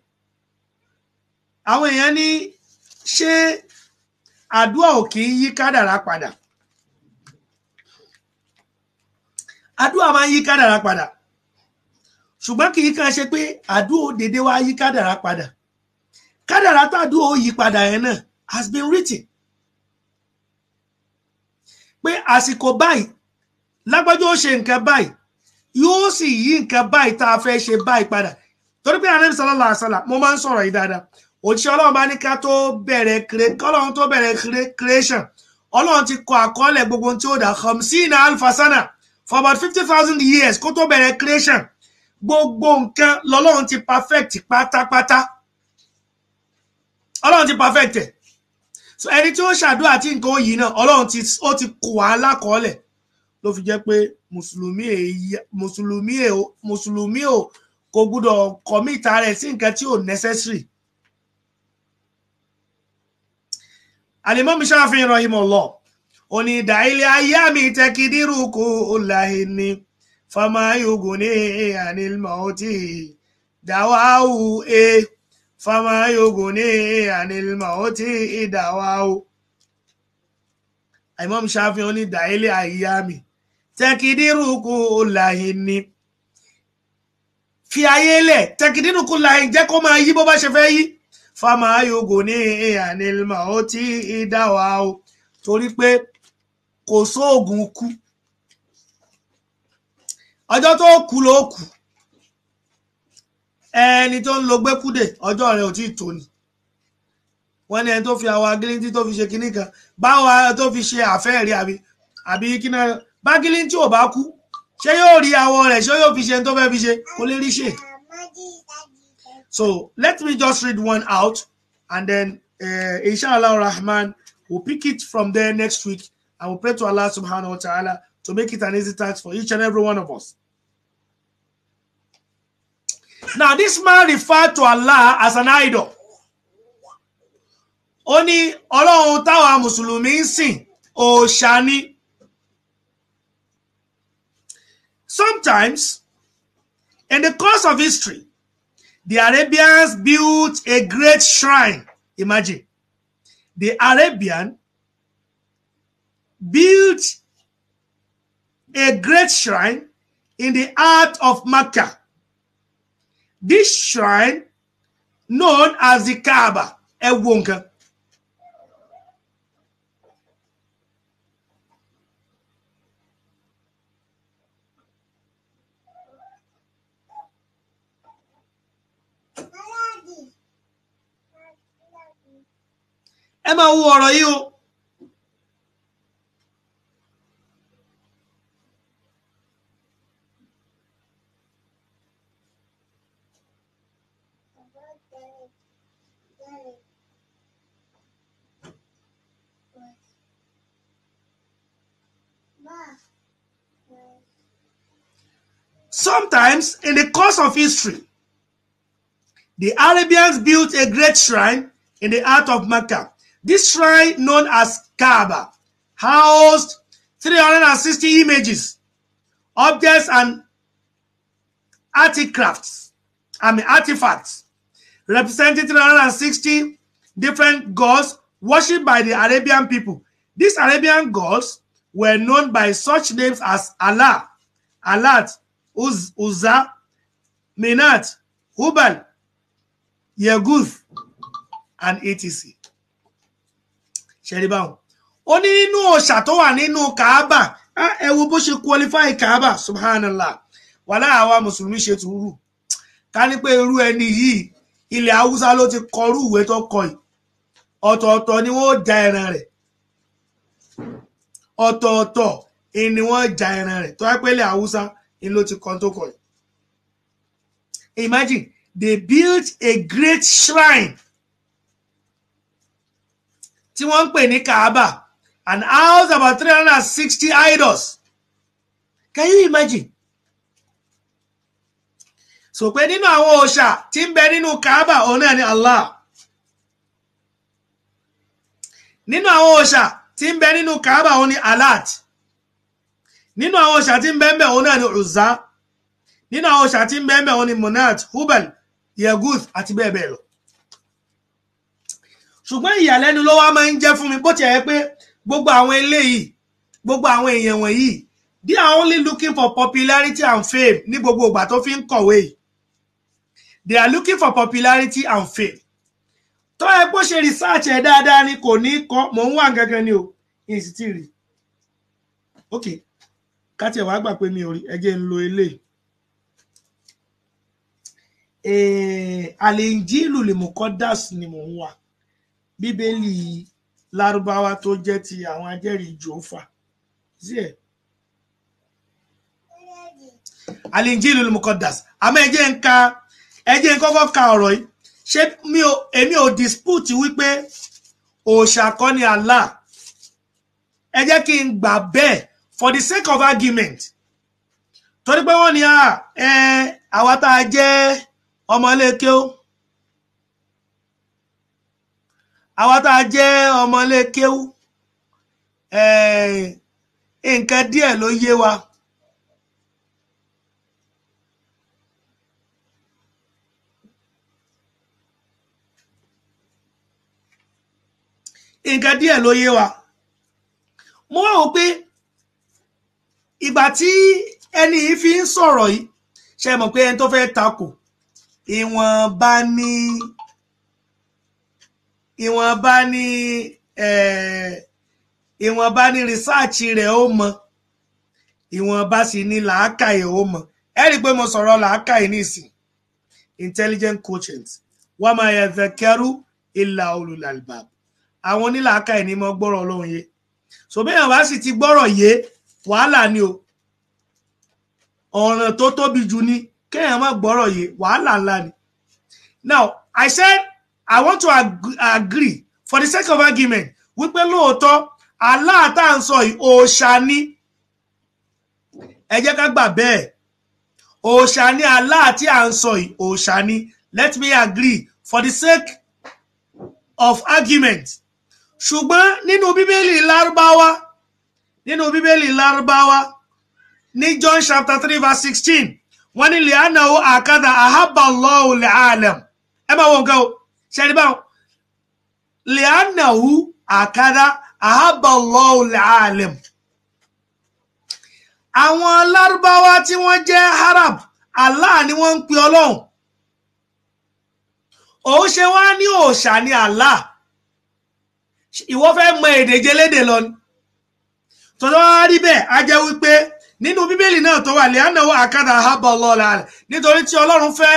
àwọn èèyàn ní ṣé àdúrà ò kì í yí kádàrá padà àdúrà máa ń yí kádàrá padà ṣùgbọ́n kì í kan ṣe pé àdúrà dédé wá yí kádàrá padà kádàrá tàdúrà yí padà yẹn náà has been written pé àsìkò báyìí lágbájọ́ ó ṣe nǹkan báyìí yóò sì yí nǹkan báyìí tá a fẹ́ ṣe báyìí padà torí pé Ànábì sallallahu alaihi wasallam mo máa ń sọ̀rọ̀ yìí dáadáa òjíṣẹ́ ọlọ́run bá ní ká tó bẹ̀rẹ̀ kọ́lọ́run tó bẹ̀rẹ̀ creation ọlọ́run ti kọ àkọọ́lẹ̀ gbogbo tí ó dà hamsina alfasana for about fifty thousand years kó tó bẹ̀rẹ̀ creation gbogbo nǹkan lọ́lọ́run ti perfect pátápátá ọlọ́run ti perfect ẹ̀ so ẹni tí ó ṣàdúrà tí nǹkan yìí náà ọlọ́run ti ó ti kò wá lákọọ́lẹ̀ ló fi jẹ́ pé mùsùlùmí mùsùlùmí mùsùlùmí ò kò gbúdọ̀ kọ̀míta rẹ̀ sí nǹkan tí ò necessary. alimami ṣáfihàn ìrọ̀ ìmọ̀ onídà ilé ayé mi tẹkidiru kò láyé ni famayogun ní ànílmọ̀ ọtí dàwáwù e famayogun ní ànílmọ̀ ọtí dàwáwù. Imam Shafi onídà ilé ayé mi tẹkidiru kò láyé ni fi ayé lẹ̀ tẹkidiru kò láyé jẹ́ kó máa yí bó bá ṣe fẹ́ yí famayogun ní ànílmọ̀ ọtí dàwáwù torí pé kò sóògùn kú ọjọ́ tó kú ló kù ẹni tó ń lo gbẹ́kúdè ọjọ́ rẹ̀ ò tí ì tó ni wọ́n ní ẹni tó fi àwọn agilintí tó fi ṣe kinní kan báwa tó fi ṣe àfẹ́ẹ̀rí àbí àbí kíná bá ò bá kú ṣé yóò rí awọ rẹ̀ ṣé yóò fi ṣe tó fẹ́ fi ṣe kó lè rí ṣe. So let me just read one out and then uh, inshallah rahman will pick it from there next week I will pray to Allah subhanahu wa ta'ala to make it an easy task for each and every one of us. Now, this man referred to Allah as an idol. Ó ní táwa Mùsùlùmí ń Sometimes, in the course of history, the Arabians built a great shrine. Imagine. The Arabian built a great shrine in the heart of Mecca. This shrine, known as the Kaaba, a ẹ máa wo ọ̀rọ̀ yìí o Sometimes, in the course of history, the Arabians built a great shrine in the heart of Mecca. This shrine, known as Kaaba, housed 360 images, objects, and artifacts. I mean, artifacts Represented 360 different gods worshipped by the Arabian people. These Arabian gods were known by such names as Allah, Alat, Uz, Uzza, Minat, Hubal, Yeguth, and etc. ṣẹ̀ríbáwọn ó no nínú òòṣà tó wà kaaba ẹ wo bó ṣe qualify kaaba subhanallah wàhálà àwa Muslimi ṣe tùúrù ká ní pé irú ẹni yi. ilẹ̀ haúsá ló ti kọrú ìwé tó kọ yìí ọ̀tọ̀ọ̀tọ̀ ni wọ́n ja ẹran rẹ̀ ọ̀tọ̀ọ̀tọ̀ ni wọ́n ja ẹran rẹ̀ tó yẹ pé haúsá ni ló ti kọ́ tó kọ yìí. Imagine they built a great shrine tí wọ́n ń pè ní Kaaba an house about three hundred and sixty idols can you imagine sope ninu awon osa ti n be n'inu kaaba òun ni allah n'inu awon osa ti n be nínú kaaba òun ni alat n'inu awon osa ti n be nbe bẹ ni uzza n'inu àwọn òòṣà ti ń bẹ ni monat hubal yeguth ati bebe lo lọ ṣùgbọ́n lo wa wá máa ń mi bo ti ẹ̀ pé gbogbo àwọn eléyìí gbogbo awọn èèyàn yi they are only looking for popularity and fame ni gbogbo ogba to fi n they are looking for popularity and fame tó ẹ bó ṣe research ẹ dáadáa ni kò ní kọ mò ń wà gangan ni o yìí sì ti rí ok káti ẹ wá gbà pé mi ò rí ẹjẹ ń lo eléyìí eh, àlèjìlù lèmọkọdàs ni mò ń wà bíbélì lárúbáwá tó jẹ́ ti àwọn ajẹ́rìí jòófà sí ẹ àlèjìlù lèmọkọdàs àmọ́ ẹjẹ ń ka ẹ kọ́kọ́ ka ọ̀rọ̀ yìí ṣé èmi ò dispute wípé òòṣà kọ́ ni kí n gbà bẹ́ẹ̀ for the sake of argument torí pé wọ́n ní ah, àwa tá a jẹ́ ọmọléke ó àwa tá a jẹ́ ọmọléke ó nǹkan díẹ̀ ló yé wa. nǹkan díẹ̀ ló yé wa mo wá wò pé ìgbà tí ẹni yìí fi ń sọ̀rọ̀ yìí ṣe mọ̀ pé ẹni tó fẹ́ takò ìwọ̀nba ní ìwọ̀nba ní eh, ìwọ̀nba ní rìsáàchì rẹ̀ ó mọ ìwọ̀nba sì ní làákàyè ó mọ ẹ pé mo sọ̀rọ̀ làákàyè nísìn intelligent quotient wa ma yadhakkaru illa ulul albab àwọn onílàákà ẹni mọ gbọ́rọ̀ Ọlọ́run yé so béèyàn sì ti gbọ́rọ̀ yé wàhálà ni o ọ̀ràn tó tóbi jù ni kéèyàn má gbọ́rọ̀ yé wàhálà ńlá ni now I said I want to ag agree for the sake of argument wípé lóòótọ́ aláàtà ń sọ yìí òòṣà ni ẹ jẹ́ ká gbà bẹ́ẹ̀ òòṣà ni aláà à ń sọ yìí òòṣà ni let me agree for the sake of argument ṣùgbọ́n nínú bíbélì lárúbáwá nínú bíbélì lárúbáwá ní John chapter three verse sixteen wọ́n ní liana o àkàdà ahaba Allahu li'alam ẹ máa wọ nǹkan o ṣẹ́ni báwọn liana o àkàdà ahaba Allahu li'alam àwọn lárúbáwá tí wọ́n jẹ́ Arab Allah ni wọ́n ń pe ọlọ́run òun ṣe wá ní òòṣà ní Allah ìwọ fẹ́ mọ èdè jẹlẹ́dẹ̀ lọ ni tọ́jọ́ wá rí bẹ́ẹ̀ á jẹ́ wípé nínú bíbélì náà tó wà lẹ́yìnáwó àkàdà àhábọ̀ lọ́la rẹ̀ nítorí tí ọlọ́run fẹ́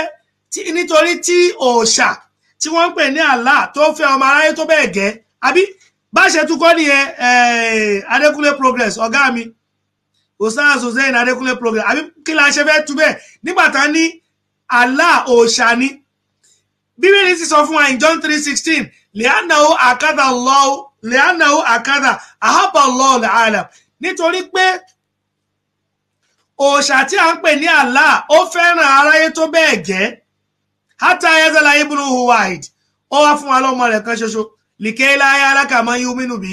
nítorí tí òòṣà tí wọ́n ń pè ní Allah tó fẹ́ ọmọ aráyé tó bẹ́ẹ̀ gẹ́ àbí bá ṣe tukọ́ nìyẹn eh, Adékúnlé progress ọ̀gá mi osana zozain Adékúnlé program àbí kí la ṣe fẹ́ tu bẹ́ẹ̀ nígbà tá ní Allah òòṣà ni bíbélì ti sọ fún wa in John three sixteen lẹ́ànáwó àkádà lọ́wọ́ lẹ́ànáwó àkádà àhábà lọ́wọ́ làálà nítorí pé òòṣà tí a ń pè ní Allah ó fẹ́ràn aráyé tó bẹ́ẹ̀ gẹ́ hátà ayẹ́sẹ̀lá ibùdó huwaid ó wá fún wa lọ́mọ rẹ̀ kan ṣoṣo lìkẹ́ láyé alákàmọ́ yín omínú bí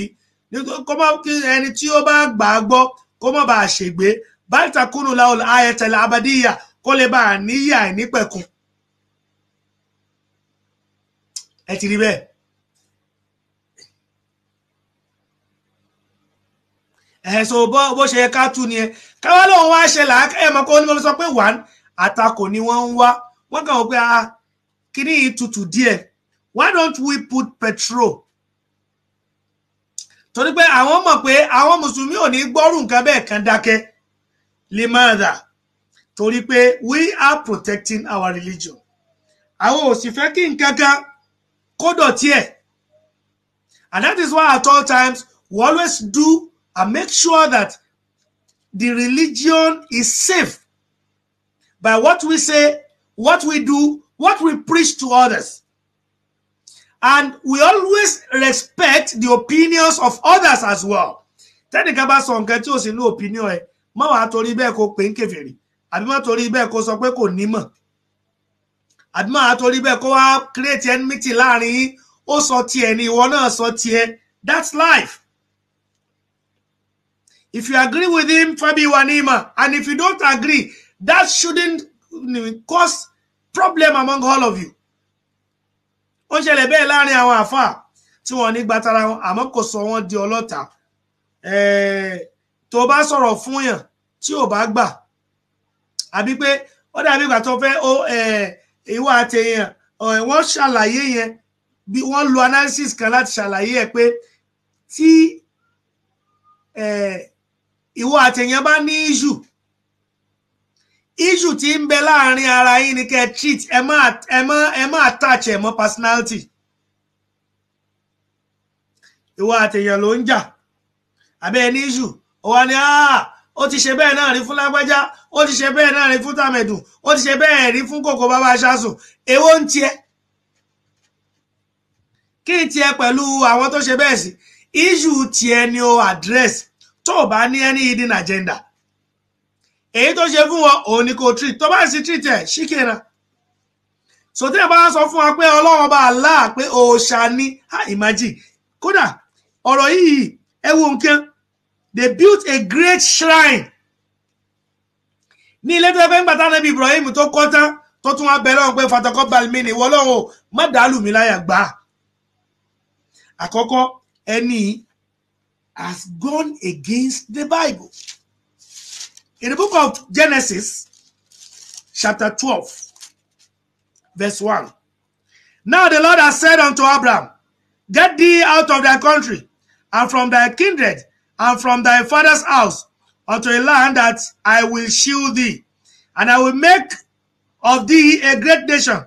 ẹni tí ó bá gbà á gbọ́ kó má bàa ṣègbé báyìí kúnnù láwọn ayẹtẹlẹ abadíyà kó lè bàa níyà ẹ̀ nípẹ̀kun ẹ ti rí bẹ́ẹ̀. ẹ̀sùn eh, bó bó ṣe ká tú ni ẹ káwá lòun wá ṣe làákà ẹ̀ mọ̀ ní mo sọ pé wà àtakò ni wọ́n ń wá wọ́n kàn wọ́n pé ah kíní yìí tutù díẹ̀ why don't we put petrol torí pé àwọn mọ̀ pé àwọn mùsùlùmí ò ní gbọ́rù nǹkan bẹ́ẹ̀ kan dákẹ́ limada torí pé we are protecting our religion àwọn ò sì fẹ́ kí nǹkan kan kó dọ̀tí and that is why at all times we always do and make sure that the religion is safe by what we say, what we do, what we preach to others. And we always respect the opinions of others as well. Tẹ́nìkan bá sọ nǹkan tí ò sí ní opinion ẹ̀, má wàá torí bẹ́ẹ̀ kó pè ń kèfèrí, àbí má torí bẹ́ẹ̀ kó sọ pé kò nímọ̀. Àbí má wàá torí bẹ́ẹ̀ kó wá create enmity láàrin yín, ó sọ tiẹ̀ ni ìwọ náà sọ tiẹ̀. That's life. If you agree with him, Fabi Wanima, and if you don't agree, that shouldn't mm, cause problem among all of you. Ó ṣẹlẹ̀ bẹ́ẹ̀ láàrin àwọn àfáà tí wọ́n ní gbàtara wọn àmọ́ kò sọ wọ́n di ọlọ́ta. Tó bá sọ̀rọ̀ fún yàn tí ò bá gbà àbí pé ó dàbí ìgbà tó fẹ́ ìwà àtẹ̀yàn wọ́n ṣàlàyé yẹn bí wọ́n lo analysis kan láti ṣàlàyé ẹ̀ pé tí ìwọ àtẹ̀yàn bá ní issue issue tí ń bẹ láàrin ara yín ni kẹ́ cheat. ẹ má ẹ má attach ẹ mọ́ personality ìwọ àtẹ̀yàn ló ń jà àbẹ́ ẹ ní issue ó wá ní ah, ó ti ṣe bẹ́ẹ̀ náà rí fún lágbájá ó ti ṣe bẹ́ẹ̀ náà rí fún tàmẹ̀dùn ó ti ṣe bẹ́ẹ̀ rí fún kòkó bàbá aṣáṣùn èwo ń tiẹ̀ kí n tiẹ̀ pẹ̀lú àwọn tó ṣe bẹ́ẹ̀ sí issue tiẹ̀ ni o address tó o bá ní any hidden agenda èyí tó ṣe fún wọn òun ni kò treat tó bá sì treat ẹ̀ ṣíkìrà sòtí ẹ̀ bá sọ fún wa pé ọlọ́run bá Allah pé òòṣà ni ìmájì kódà ọ̀rọ̀ yìí ẹ wo nǹkan they built a great shrine ní ilé tó fẹ́ ń gbàtà níbi Ibrahim tó kọ́ tán tó tún wá bẹ̀ lọ́wọ́ pé fatakọ́ balmini wọ́n lọ́wọ́ má dàálù mi láyà gbà àkọ́kọ́ ẹni has gone against the Bible. In the book of Genesis, chapter 12, verse 1. Now the Lord has said unto Abram, Get thee out of thy country, and from thy kindred, and from thy father's house, unto a land that I will shew thee, and I will make of thee a great nation,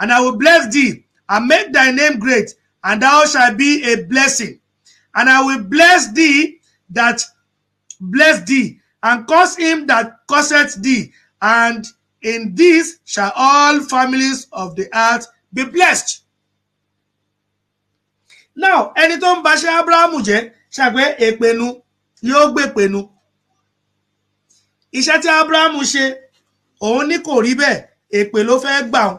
and I will bless thee, and make thy name great, and thou shalt be a blessing. And I will bless thee that bless thee, and curse him that curseth thee. And in this shall all families of the earth be blessed. Now, ẹni tó ń baṣẹ́ Abrahamu jẹ́ ṣàgbé èpenu yóò gbé penu. Iṣẹ́ tí Abrahamu ṣe, òun ní kò rí bẹ́ẹ̀, èpè ló fẹ́ gbà wọn.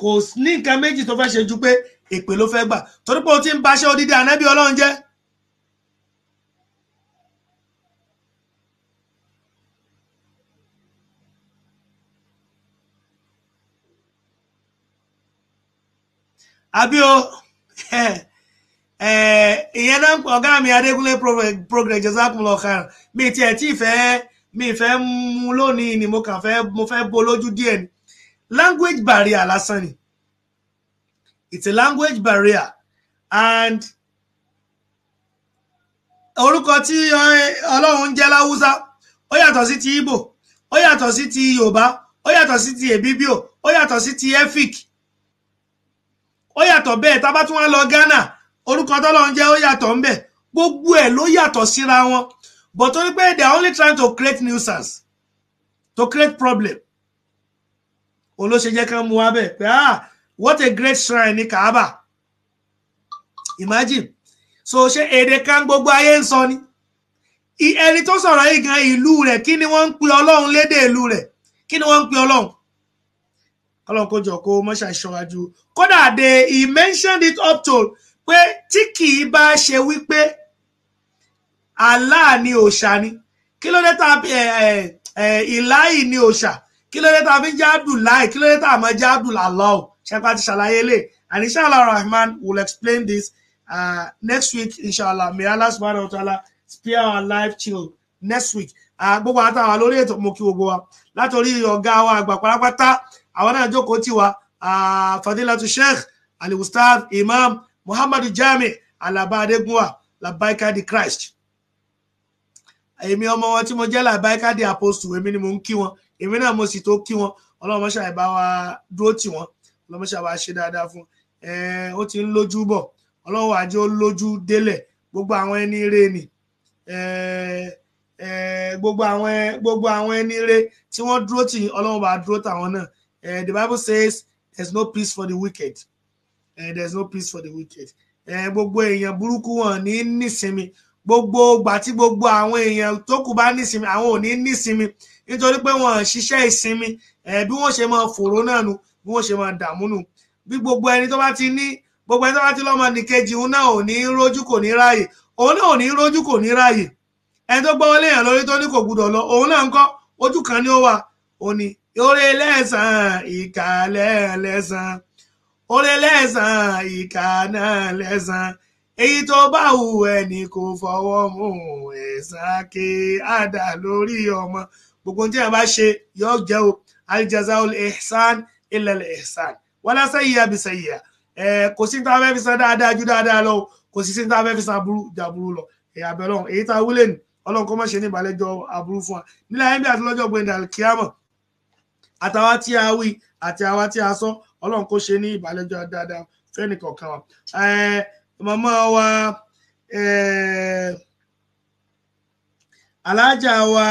Kò ní nǹkan méjì tó fẹ́ ṣe ju pé èpè ló fẹ́ gbà torí pé o ti ń baṣẹ́ odidi ànábì ọlọ́run jẹ́ àbí o eh, eh, ìyẹn náà ọ̀gá mi adékúnlé progress jazakumullahu khairan mi tiẹ̀ tí fẹ́ mi fẹ́ mú lónìí ni mo kàn fẹ́ mo fẹ́ bo lójú díẹ̀ ni language barrier lásán ni It's a language barrier. And orúkọ tí eh, Ọlọ́run ń jẹ́ láwùsá ó yàtọ̀ sí ti Igbo ó yàtọ̀ sí ti Yorùbá ó yàtọ̀ sí ti Ebibio ó yàtọ̀ sí ti Efik ó yàtọ̀ bẹ́ẹ̀ tábà tún wá lọ Ghana orúkọ tọ́lọ́run jẹ́ ó yàtọ̀ ńbẹ̀ gbogbo ẹ̀ ló yàtọ̀ síra wọn but torí pé they are only trying to create nuisance to create problem olóṣèjẹ́ kan mú wa bẹ́ẹ̀ pé ah what a great shrine ni kaaba imagine so ṣe èdè kan gbogbo ayé ń sọ ni ẹni tó sọ̀rọ̀ yìí gan ìlú rẹ̀ kí ni wọ́n ń pe ọlọ́run lédè ìlú rẹ̀ kí ni wọ́n ń pe ọlọ́run ọlọ́run kò jọ kó mọ́ṣá ìṣọ́wájú kódà de he mentioned it up to pé tí kì í bá ṣe wípé Allah ni òòṣà ni kí ló dé tá ìláì ni òòṣà kí ló dé tá fi ń jẹ́ Abdullahi kí ló dé tá àmọ́ jẹ́ Abdullahi ṣẹpá ti and inshallah rahman will explain this uh, next week inshallah may allah subhanahu wa ta'ala spare our life till next week uh, gbogbo àwọn àtàwọn lórí ètò mo kí gbogbo wa látòrí ọ̀gá wa àgbà pátápátá àwọn náà jókòó tiwa uh, fadilatu sheikh aliwustad imam muhammadu jami alaba adegunwa labaika di christ èmi ọmọ wọn tí mo jẹ́ labaika di apostle èmi ni mo ń kí wọn èmi náà mo sì tó kí wọn ọlọ́run mọ́ṣáláì bá wa dúró tì wọ́n ọlọ́mọṣà ṣe dáadáa fún ó ti ń lójú bọ̀ ọlọ́run àjẹ lójú délẹ̀ gbogbo àwọn ẹni rè ni gbogbo àwọn ẹni rè tí wọ́n dúró tì ọlọ́run bá dúró tàwọn náà the bible says there is no peace for the wicked uh, there is no peace for the wicked gbogbo èèyàn burúkú wọn ní nísinmi gbogbo ìgbà tí gbogbo àwọn èèyàn tó kù bá nísinmi àwọn ò ní nísinmi nítorí pé wọn ò ṣiṣẹ́ ìsinmi bí wọ́n ṣe máa fòró náà nu bí wọ́n ṣe máa dààmú nù bí gbogbo ẹni tó bá ti ní gbogbo ẹni tó bá ti lọ́mọ nìkejì òun náà ò ní rójú kò ní ráàyè òun náà ò ní rójú kò ní ráàyè ẹni tó gbọ́wọ́ léèyàn lórí tó ní kò gbúdọ̀ lọ òun náà ń kọ́ ojú kan ni ó wà òní oore lẹ́sàn-án ìkà lẹ́ẹ̀lẹ́sàn-án oore lẹ́sàn-án ìkà lẹ́sàn-án èyí tó bá hù ẹni kò fọwọ́ mú ẹ̀sán ké àdá lórí ọmọ gbogbo tí a bá ṣe yọ jẹ́ o aljazaul ihsan illa al-ihsan wala sayyi'a bi sayyi'a kò sí tá a fẹ́ fi san dáadáa ju dáadáa lọ kò sí tá a fẹ́ fi san aburú ju aburú lọ ẹ̀yà bẹ̀rẹ̀ ọ̀hún èyí tá a wúlẹ̀ ní ọlọ́run kó má ṣe ní ìbàlẹ́jọ́ aburú fún wa nílẹ̀ ayé bí àti lọ́jọ́ gbẹ̀ndà kíámọ̀ àtàwa tí a wí àti àwa tí a sọ ọlọ́run kó ṣe ní ìbàlẹ́jọ́ dáadáa fẹ́ni kọ̀ọ̀kan wa màmá wa alájà wa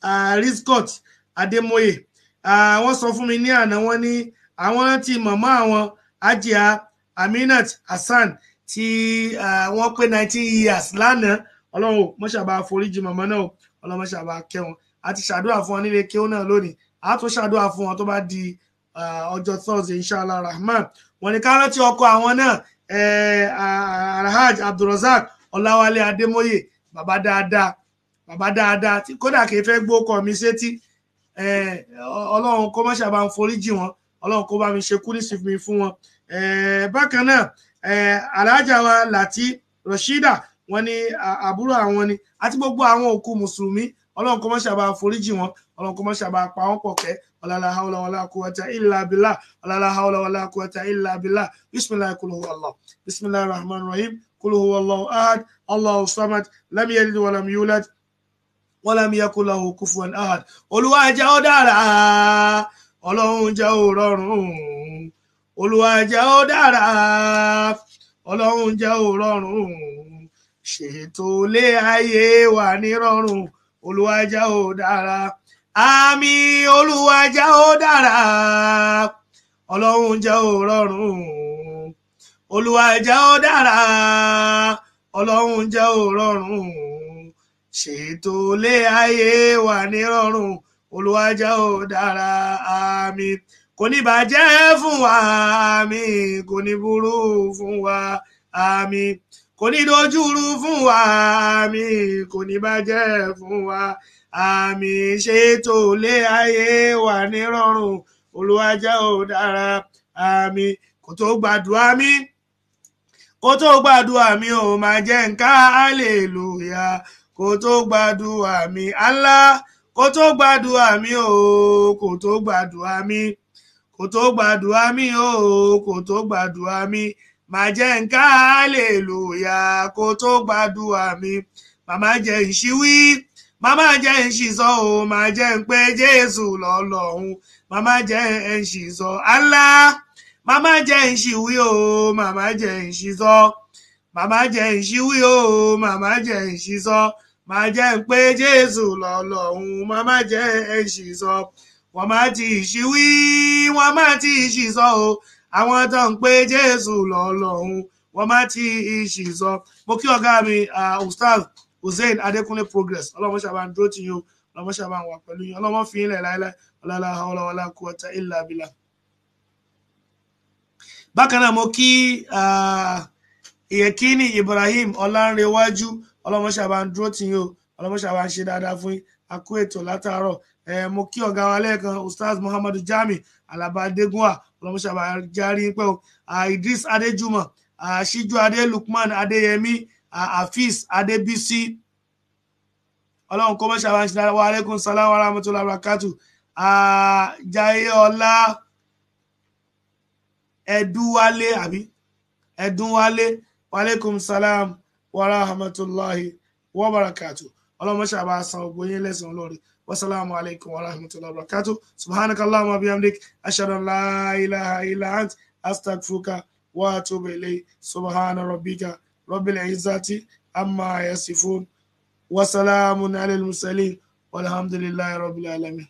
Ariscot. Uh, adémọ́yè àwọn sọ fún mi ní àná wọn ní àwọn ti màmá àwọn ajia aminat hasan tí wọ́n pé nineteen years lánàá ọlọ́run mọ́ṣàbá foríjì màmá náà ọlọ́run mọ́ṣàbá kẹwọn àti ṣàdúrà fún wọn nílé kéwọn náà lónìí a tún ṣàdúrà fún wọn tó bá di ọjọ́ thursday inshallah rahman wọ́n ní ká rántí ọkọ àwọn náà alhaj abdulrasaq ọláwálé adémọ́yè bàbá dáadáa bàbá dáadáa tí kódà kì í fẹ́ gbókọ mi sétí ọlọ́run kó má ṣàbá ń foríjì wọn ọlọ́run kó bá mi ṣe kú nísìnyí fún wọn. bákan náà aláàjà wa láti Rashida wọn ni àbúrò àwọn ni àti gbogbo àwọn òkú mùsùlùmí ọlọ́run kó má ṣàbá foríjì wọn ọlọ́run kó má ṣàbá pa wọ́n pọ̀ kẹ́ ọ̀làlà haúlà wàlà kúwàtà ìlà bìlà ọ̀làlà haúlà wàlà kúwàtà ìlà bìlà bisimilayi kuluhu allah bisimilayi rahman rahim kuluhu allah ahad allah samad lam yalid wa lam yulad wọ́n lámì yẹ kó lọ òkú fún ẹni ahad olúwa jẹ́ ó dára ọlọ́run jẹ́ ó rọrùn olúwa jẹ́ ó dára ọlọ́run jẹ́ ó rọrùn ṣètò ilé ayé wa ní rọrùn olúwa jẹ́ ó dára àmì olúwa jẹ́ ó dára ọlọ́run jẹ́ ó rọrùn olúwa jẹ́ ó dára ọlọ́run jẹ́ ó rọrùn ṣètò ilé ayé wa nírọ̀rùn olùwàjà ò dára àmín kò ní bàjẹ́ fún wa àmín kò ní burú fún wa àmín kò ní dojúrú fún wa àmín kò ní bàjẹ́ fún wa àmín ṣètò ilé ayé wa nírọ̀rùn olùwàjà ò dára àmín kò tó gbàdúrà mi kó tó gbàdúrà mi ò máa jẹ́ nǹkan hallelujah kò tó gbàdúrà mi Allah kò tó gbàdúrà mi o kò tó gbàdúrà mi kò tó gbàdúrà mi o kò tó gbàdúrà mi màá jẹ́ nǹkan hallelúyà kò tó gbàdúrà mi màmá jẹ́ ìṣíwí màmá jẹ́ ìṣìṣọ́ o màá jẹ́ pé Jésù lọ́lọ́hun màmá jẹ́ ìṣìṣọ́ Allah màmá jẹ́ ìṣìwí o màmá jẹ́ ìṣìṣọ́ màmá jẹ́ ìṣíwí o màmá jẹ́ ìṣìṣọ́ má jẹ́ ń pé jésù lọ́lọ́hun má má jẹ́ èsì sọ wọ́n má ti ṣì wí wọ́n má ti ṣì sọ o àwọn tó ń pé jésù lọ́lọ́hun wọ́n má ti ṣì sọ mo kí ọ̀gá mi ustaz hussein adekunle progress ọlọ́mọ ṣàbá ń dúró tì yín o ọlọ́mọ ṣàbá ń wà pẹ̀lú yín ọlọ́mọ fi ń lẹ̀ láéláé ọlọ́lá ọlọ́wọ́lá kú ọ̀tá ìlà bílà bákan náà mo kí ìyẹ̀kíní ibrahim ọlánrewájú ọlọ́mọṣẹ́ àbá ń dúró tì yín o ọlọ́mọṣẹ́ àbá ń ṣe dáadáa fún yín a kú ètò látàárọ̀ mo kí ọ̀gá wa lẹ́ẹ̀kan ustaz muhammadu jami alaba adegunwa ọlọ́mọṣẹ́ àbá járí pẹ́ o idris adejumọ ṣíjú adé lukman adéyẹmí afis adébísí ọlọ́run kọ́mọṣẹ́ àbá ń ṣe dáadáa wa aleykum salaam wa rahmatulah barakatu jayeola ẹdúwálé àbí ẹdúnwálé wa salam. salaam warahmatulahi wabarakatu ọlọmọṣẹ àbá san ogbó yín lẹsàn lórí wasalaamu alaykum warahmatulahi wabarakatu subhanakallahu wa bihamdik ashhadu an la ilaha illa ant astaghfiruka wa atubu ilayk subhana rabbika rabbil izzati amma yasifun wasalaamun alal mursalin walhamdulillahi rabbil alamin.